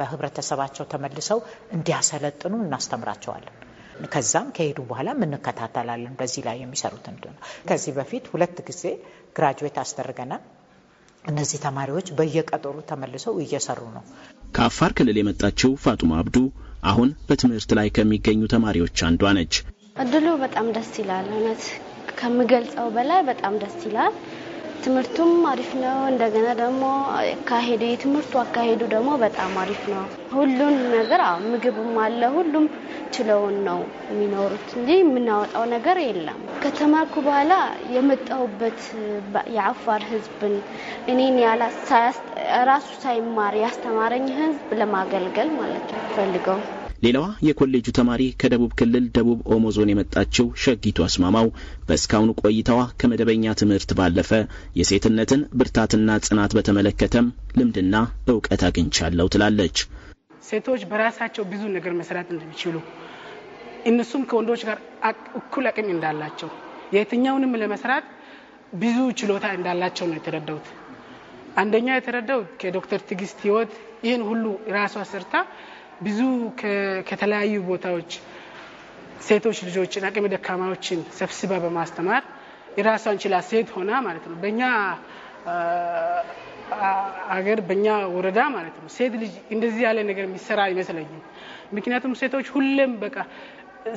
[SPEAKER 9] በህብረተሰባቸው ተመልሰው እንዲያሰለጥኑ እናስተምራቸዋለን። ከዛም ከሄዱ በኋላ እንከታተላለን። በዚህ ላይ የሚሰሩት ከዚህ በፊት ሁለት ጊዜ ግራጁዌት አስደርገናል። እነዚህ ተማሪዎች በየቀጠሩ ተመልሰው እየሰሩ ነው።
[SPEAKER 8] ከአፋር ክልል የመጣችው ፋጡማ አብዱ አሁን በትምህርት ላይ ከሚገኙ ተማሪዎች አንዷ ነች።
[SPEAKER 6] እድሉ በጣም ደስ ይላል። እውነት ከምገልጸው በላይ በጣም ደስ ይላል። ትምህርቱም አሪፍ ነው። እንደገና ደግሞ ካሄዱ የትምህርቱ አካሄዱ ደግሞ በጣም አሪፍ ነው። ሁሉን ነገር ምግብም አለ። ሁሉም ችለውን ነው የሚኖሩት እንጂ የምናወጣው ነገር የለም። ከተማርኩ በኋላ የመጣሁበት የአፋር ሕዝብን እኔን ራሱ ሳይማር ያስተማረኝ ሕዝብ ለማገልገል ማለት ነው ፈልገው
[SPEAKER 8] ሌላዋ የኮሌጁ ተማሪ ከደቡብ ክልል ደቡብ ኦሞ ዞን የመጣችው ሸጊቱ አስማማው በእስካሁኑ ቆይታዋ ከመደበኛ ትምህርት ባለፈ የሴትነትን ብርታትና ጽናት በተመለከተም ልምድና እውቀት አግኝቻለሁ ትላለች።
[SPEAKER 11] ሴቶች በራሳቸው ብዙ ነገር መስራት እንደሚችሉ እነሱም ከወንዶች ጋር እኩል አቅም እንዳላቸው የትኛውንም ለመስራት ብዙ ችሎታ እንዳላቸው ነው የተረዳሁት። አንደኛ የተረዳሁት ከዶክተር ትግስት ህይወት ይህን ሁሉ ራሷ ሰርታ ብዙ ከተለያዩ ቦታዎች ሴቶች ልጆችን አቅመ ደካማዎችን ሰብስባ በማስተማር የራሷን ችላ ሴት ሆና ማለት ነው። በእኛ አገር በእኛ ወረዳ ማለት ነው ሴት ልጅ እንደዚህ ያለ ነገር የሚሰራ አይመስለኝም። ምክንያቱም ሴቶች ሁሌም በቃ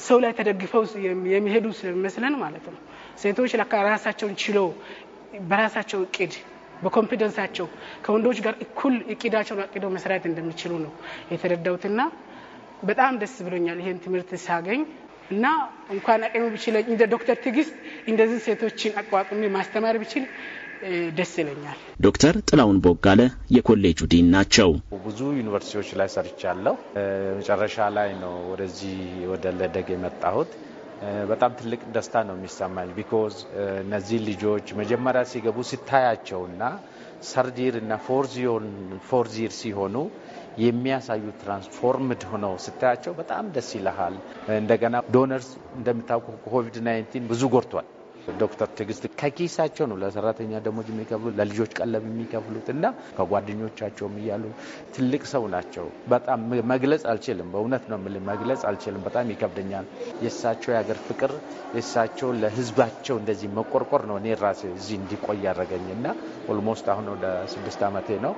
[SPEAKER 11] ሰው ላይ ተደግፈው የሚሄዱ ስለሚመስለን ማለት ነው። ሴቶች ለካ ራሳቸውን ችሎ በራሳቸው እቅድ በኮንፊደንሳቸው ከወንዶች ጋር እኩል እቅዳቸውን አቅደው መስራት እንደሚችሉ ነው የተረዳሁትና በጣም ደስ ብሎኛል ይህን ትምህርት ሳገኝ እና እንኳን አቅም ብችለኝ እንደ ዶክተር ትግስት እንደዚህ ሴቶችን አቋቁሜ ማስተማር
[SPEAKER 7] ብችል ደስ ይለኛል።
[SPEAKER 8] ዶክተር ጥላውን ቦጋለ የኮሌጁ ዲን ናቸው።
[SPEAKER 7] ብዙ ዩኒቨርሲቲዎች ላይ ሰርቻለሁ። መጨረሻ ላይ ነው ወደዚህ ወደ ለደግ የመጣሁት። በጣም ትልቅ ደስታ ነው የሚሰማኝ። ቢኮዝ እነዚህ ልጆች መጀመሪያ ሲገቡ ሲታያቸውና ሰርዲር እና ፎርዚር ሲሆኑ የሚያሳዩ ትራንስፎርምድ ሆነው ስታያቸው በጣም ደስ ይልሃል። እንደገና ዶነርስ እንደሚታወቁ ኮቪድ-19 ብዙ ጎርቷል። ዶክተር ትግስት ከኪሳቸው ነው ለሰራተኛ ደሞዝ የሚከፍሉ ለልጆች ቀለብ የሚከፍሉት እና ከጓደኞቻቸውም እያሉ ትልቅ ሰው ናቸው። በጣም መግለጽ አልችልም። በእውነት ነው የምልህ መግለጽ አልችልም። በጣም ይከብደኛል። የእሳቸው የሀገር ፍቅር የእሳቸው ለህዝባቸው እንደዚህ መቆርቆር ነው እኔ ራሴ እዚህ እንዲቆይ ያደረገኝ እና ኦልሞስት አሁን ወደ ስድስት ዓመቴ ነው።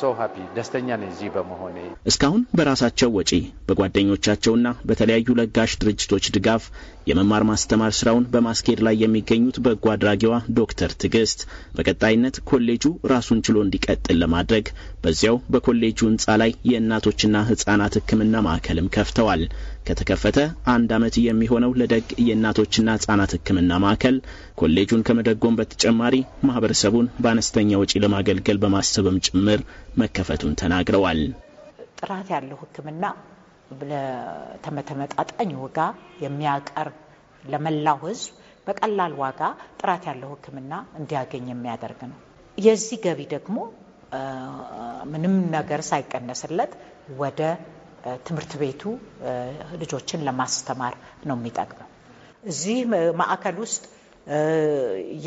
[SPEAKER 7] ሶ ሀፒ ደስተኛ ነኝ እዚህ በመሆኔ።
[SPEAKER 8] እስካሁን በራሳቸው ወጪ በጓደኞቻቸውና በተለያዩ ለጋሽ ድርጅቶች ድጋፍ የመማር ማስተማር ስራውን በማስኬድ ላይ የሚገኙት በጎ አድራጊዋ ዶክተር ትዕግስት በቀጣይነት ኮሌጁ ራሱን ችሎ እንዲቀጥል ለማድረግ በዚያው በኮሌጁ ህንፃ ላይ የእናቶችና ህጻናት ህክምና ማዕከልም ከፍተዋል። ከተከፈተ አንድ ዓመት የሚሆነው ለደግ የእናቶችና ህጻናት ህክምና ማዕከል ኮሌጁን ከመደጎም በተጨማሪ ማህበረሰቡን በአነስተኛ ወጪ ለማገልገል በማሰብም ጭምር መከፈቱን ተናግረዋል።
[SPEAKER 9] ጥራት ያለው ህክምና ለተመተመጣጣኝ ዋጋ የሚያቀርብ ለመላው ህዝብ በቀላል ዋጋ ጥራት ያለው ሕክምና እንዲያገኝ የሚያደርግ ነው። የዚህ ገቢ ደግሞ ምንም ነገር ሳይቀነስለት ወደ ትምህርት ቤቱ ልጆችን ለማስተማር ነው የሚጠቅመው። እዚህ ማዕከል ውስጥ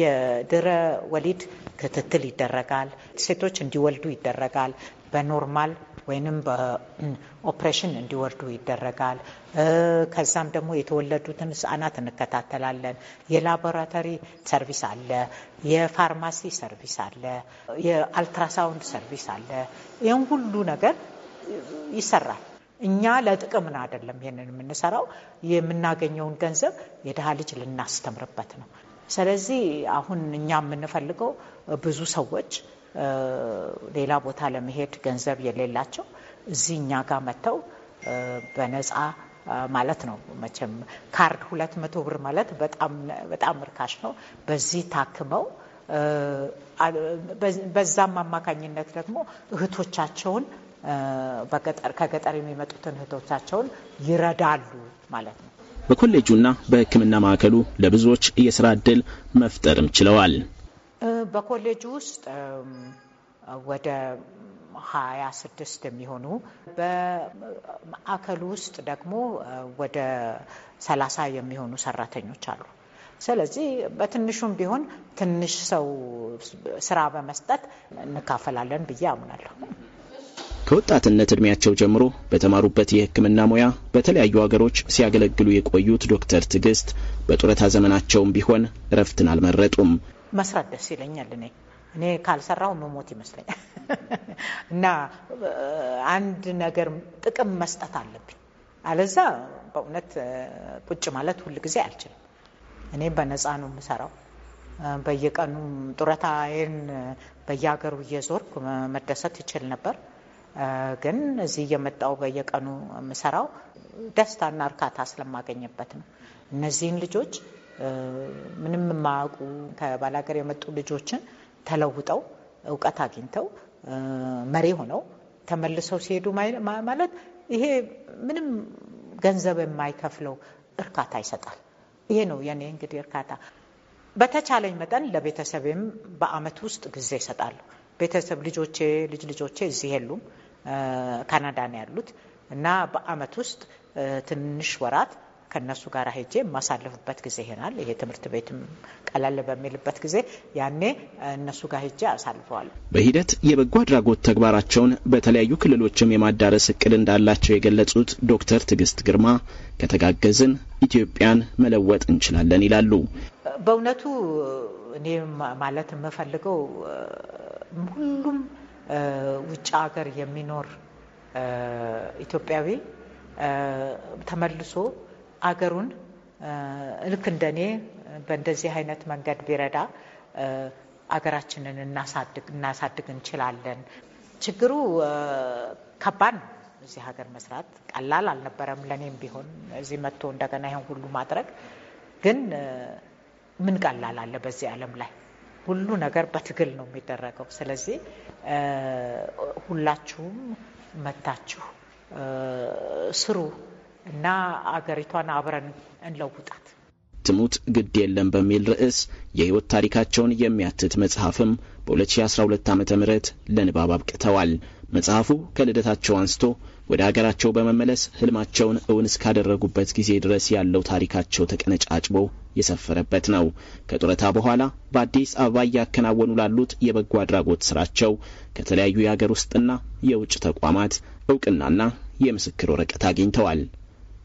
[SPEAKER 9] የድረ ወሊድ ክትትል ይደረጋል። ሴቶች እንዲወልዱ ይደረጋል። በኖርማል ወይንም በኦፕሬሽን እንዲወርዱ ይደረጋል። ከዛም ደግሞ የተወለዱትን ህጻናት እንከታተላለን። የላቦራቶሪ ሰርቪስ አለ፣ የፋርማሲ ሰርቪስ አለ፣ የአልትራሳውንድ ሰርቪስ አለ። ይህም ሁሉ ነገር ይሰራል። እኛ ለጥቅምን አይደለም ይህንን የምንሰራው። የምናገኘውን ገንዘብ የድሃ ልጅ ልናስተምርበት ነው። ስለዚህ አሁን እኛ የምንፈልገው ብዙ ሰዎች ሌላ ቦታ ለመሄድ ገንዘብ የሌላቸው እዚህ እኛ ጋር መጥተው በነፃ ማለት ነው። መቼም ካርድ ሁለት መቶ ብር ማለት በጣም እርካሽ ነው። በዚህ ታክመው በዛም አማካኝነት ደግሞ እህቶቻቸውን ከገጠር የሚመጡትን እህቶቻቸውን
[SPEAKER 10] ይረዳሉ
[SPEAKER 9] ማለት ነው።
[SPEAKER 8] በኮሌጁና በሕክምና ማዕከሉ ለብዙዎች የስራ ዕድል መፍጠርም ችለዋል።
[SPEAKER 9] በኮሌጅ ውስጥ ወደ ሀያ ስድስት የሚሆኑ በማዕከሉ ውስጥ ደግሞ ወደ ሰላሳ የሚሆኑ ሰራተኞች አሉ። ስለዚህ በትንሹም ቢሆን ትንሽ ሰው ስራ በመስጠት እንካፈላለን ብዬ አምናለሁ።
[SPEAKER 8] ከወጣትነት እድሜያቸው ጀምሮ በተማሩበት የሕክምና ሙያ በተለያዩ ሀገሮች ሲያገለግሉ የቆዩት ዶክተር ትዕግስት በጡረታ ዘመናቸውም ቢሆን እረፍትን አልመረጡም።
[SPEAKER 9] መስራት ደስ ይለኛል። እኔ እኔ ካልሰራው መሞት ይመስለኛል። እና አንድ ነገር ጥቅም መስጠት አለብኝ። አለዛ በእውነት ቁጭ ማለት ሁል ጊዜ አልችልም። እኔ በነፃ ነው የምሰራው። በየቀኑ ጡረታዬን በየሀገሩ እየዞርኩ መደሰት ይችል ነበር። ግን እዚህ እየመጣው በየቀኑ የምሰራው ደስታና እርካታ ስለማገኝበት ነው። እነዚህን ልጆች ምንም የማያውቁ ከባላገር የመጡ ልጆችን ተለውጠው እውቀት አግኝተው መሪ ሆነው ተመልሰው ሲሄዱ ማለት ይሄ ምንም ገንዘብ የማይከፍለው እርካታ ይሰጣል። ይሄ ነው የኔ እንግዲህ እርካታ። በተቻለኝ መጠን ለቤተሰብም በአመት ውስጥ ጊዜ ይሰጣሉ። ቤተሰብ ልጆቼ ልጅ ልጆቼ እዚህ የሉም፣ ካናዳ ነው ያሉት እና በአመት ውስጥ ትንሽ ወራት ከነሱ ጋር ሄጄ የማሳልፍበት ጊዜ ይሆናል። ይሄ ትምህርት ቤትም ቀለል በሚልበት ጊዜ ያኔ እነሱ ጋር ሄጄ አሳልፈዋል።
[SPEAKER 8] በሂደት የበጎ አድራጎት ተግባራቸውን በተለያዩ ክልሎችም የማዳረስ እቅድ እንዳላቸው የገለጹት ዶክተር ትዕግስት ግርማ ከተጋገዝን ኢትዮጵያን መለወጥ እንችላለን ይላሉ።
[SPEAKER 9] በእውነቱ እኔ ማለት የምፈልገው ሁሉም ውጭ ሀገር የሚኖር ኢትዮጵያዊ ተመልሶ አገሩን ልክ እንደኔ በእንደዚህ አይነት መንገድ ቢረዳ አገራችንን እናሳድግ እንችላለን። ችግሩ ከባድ ነው። እዚህ ሀገር መስራት ቀላል አልነበረም ለእኔም ቢሆን እዚህ መጥቶ እንደገና ይሆን ሁሉ ማድረግ ግን ምን ቀላል አለ በዚህ ዓለም ላይ ሁሉ ነገር በትግል ነው የሚደረገው። ስለዚህ ሁላችሁም መታችሁ ስሩ። እና አገሪቷን አብረን እንለውጣት።
[SPEAKER 8] ትሙት ግድ የለም በሚል ርዕስ የህይወት ታሪካቸውን የሚያትት መጽሐፍም በ2012 ዓ ም ለንባብ አብቅተዋል። መጽሐፉ ከልደታቸው አንስቶ ወደ አገራቸው በመመለስ ህልማቸውን እውን እስካደረጉበት ጊዜ ድረስ ያለው ታሪካቸው ተቀነጫጭቦ የሰፈረበት ነው። ከጡረታ በኋላ በአዲስ አበባ እያከናወኑ ላሉት የበጎ አድራጎት ስራቸው ከተለያዩ የአገር ውስጥና የውጭ ተቋማት እውቅናና የምስክር ወረቀት አግኝተዋል።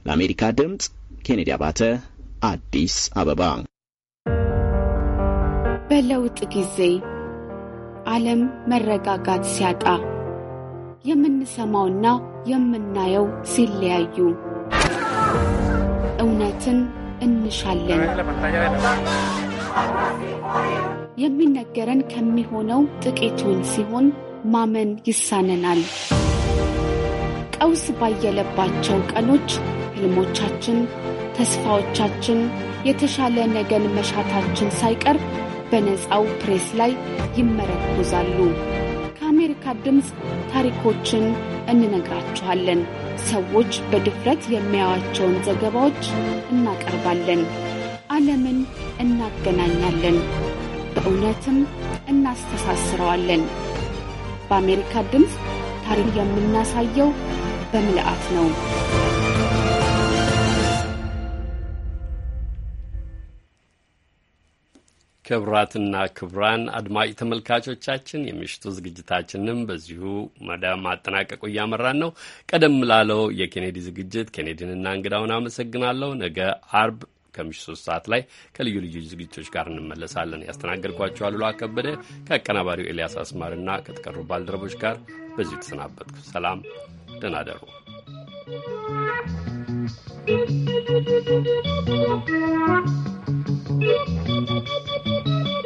[SPEAKER 8] ለአሜሪካ ድምፅ ኬኔዲ አባተ አዲስ አበባ።
[SPEAKER 4] በለውጥ ጊዜ ዓለም መረጋጋት ሲያጣ የምንሰማውና የምናየው ሲለያዩ እውነትን እንሻለን።
[SPEAKER 6] የሚነገረን ከሚሆነው ጥቂቱን ሲሆን ማመን ይሳነናል። ቀውስ ባየለባቸው ቀኖች ህልሞቻችን፣
[SPEAKER 4] ተስፋዎቻችን፣ የተሻለ ነገን መሻታችን ሳይቀር በነፃው ፕሬስ ላይ ይመረኮዛሉ። ከአሜሪካ ድምፅ ታሪኮችን እንነግራችኋለን። ሰዎች በድፍረት የሚያዩዋቸውን ዘገባዎች እናቀርባለን። ዓለምን እናገናኛለን፣ በእውነትም እናስተሳስረዋለን። በአሜሪካ ድምፅ ታሪክ የምናሳየው በምልአት ነው።
[SPEAKER 3] ክብራትና ክብራን አድማጭ ተመልካቾቻችን የምሽቱ ዝግጅታችንም በዚሁ መዳም ማጠናቀቁ እያመራን ነው። ቀደም ላለው የኬኔዲ ዝግጅት ኬኔዲንና እንግዳውን አመሰግናለሁ። ነገ አርብ ከምሽቱ ሶስት ሰዓት ላይ ከልዩ ልዩ ዝግጅቶች ጋር እንመለሳለን። ያስተናገድኳቸው አሉላ ከበደ ከአቀናባሪው ኤልያስ አስማርና ከተቀሩ ባልደረቦች ጋር በዚሁ ተሰናበትኩ። ሰላም፣ ደህና እደሩ።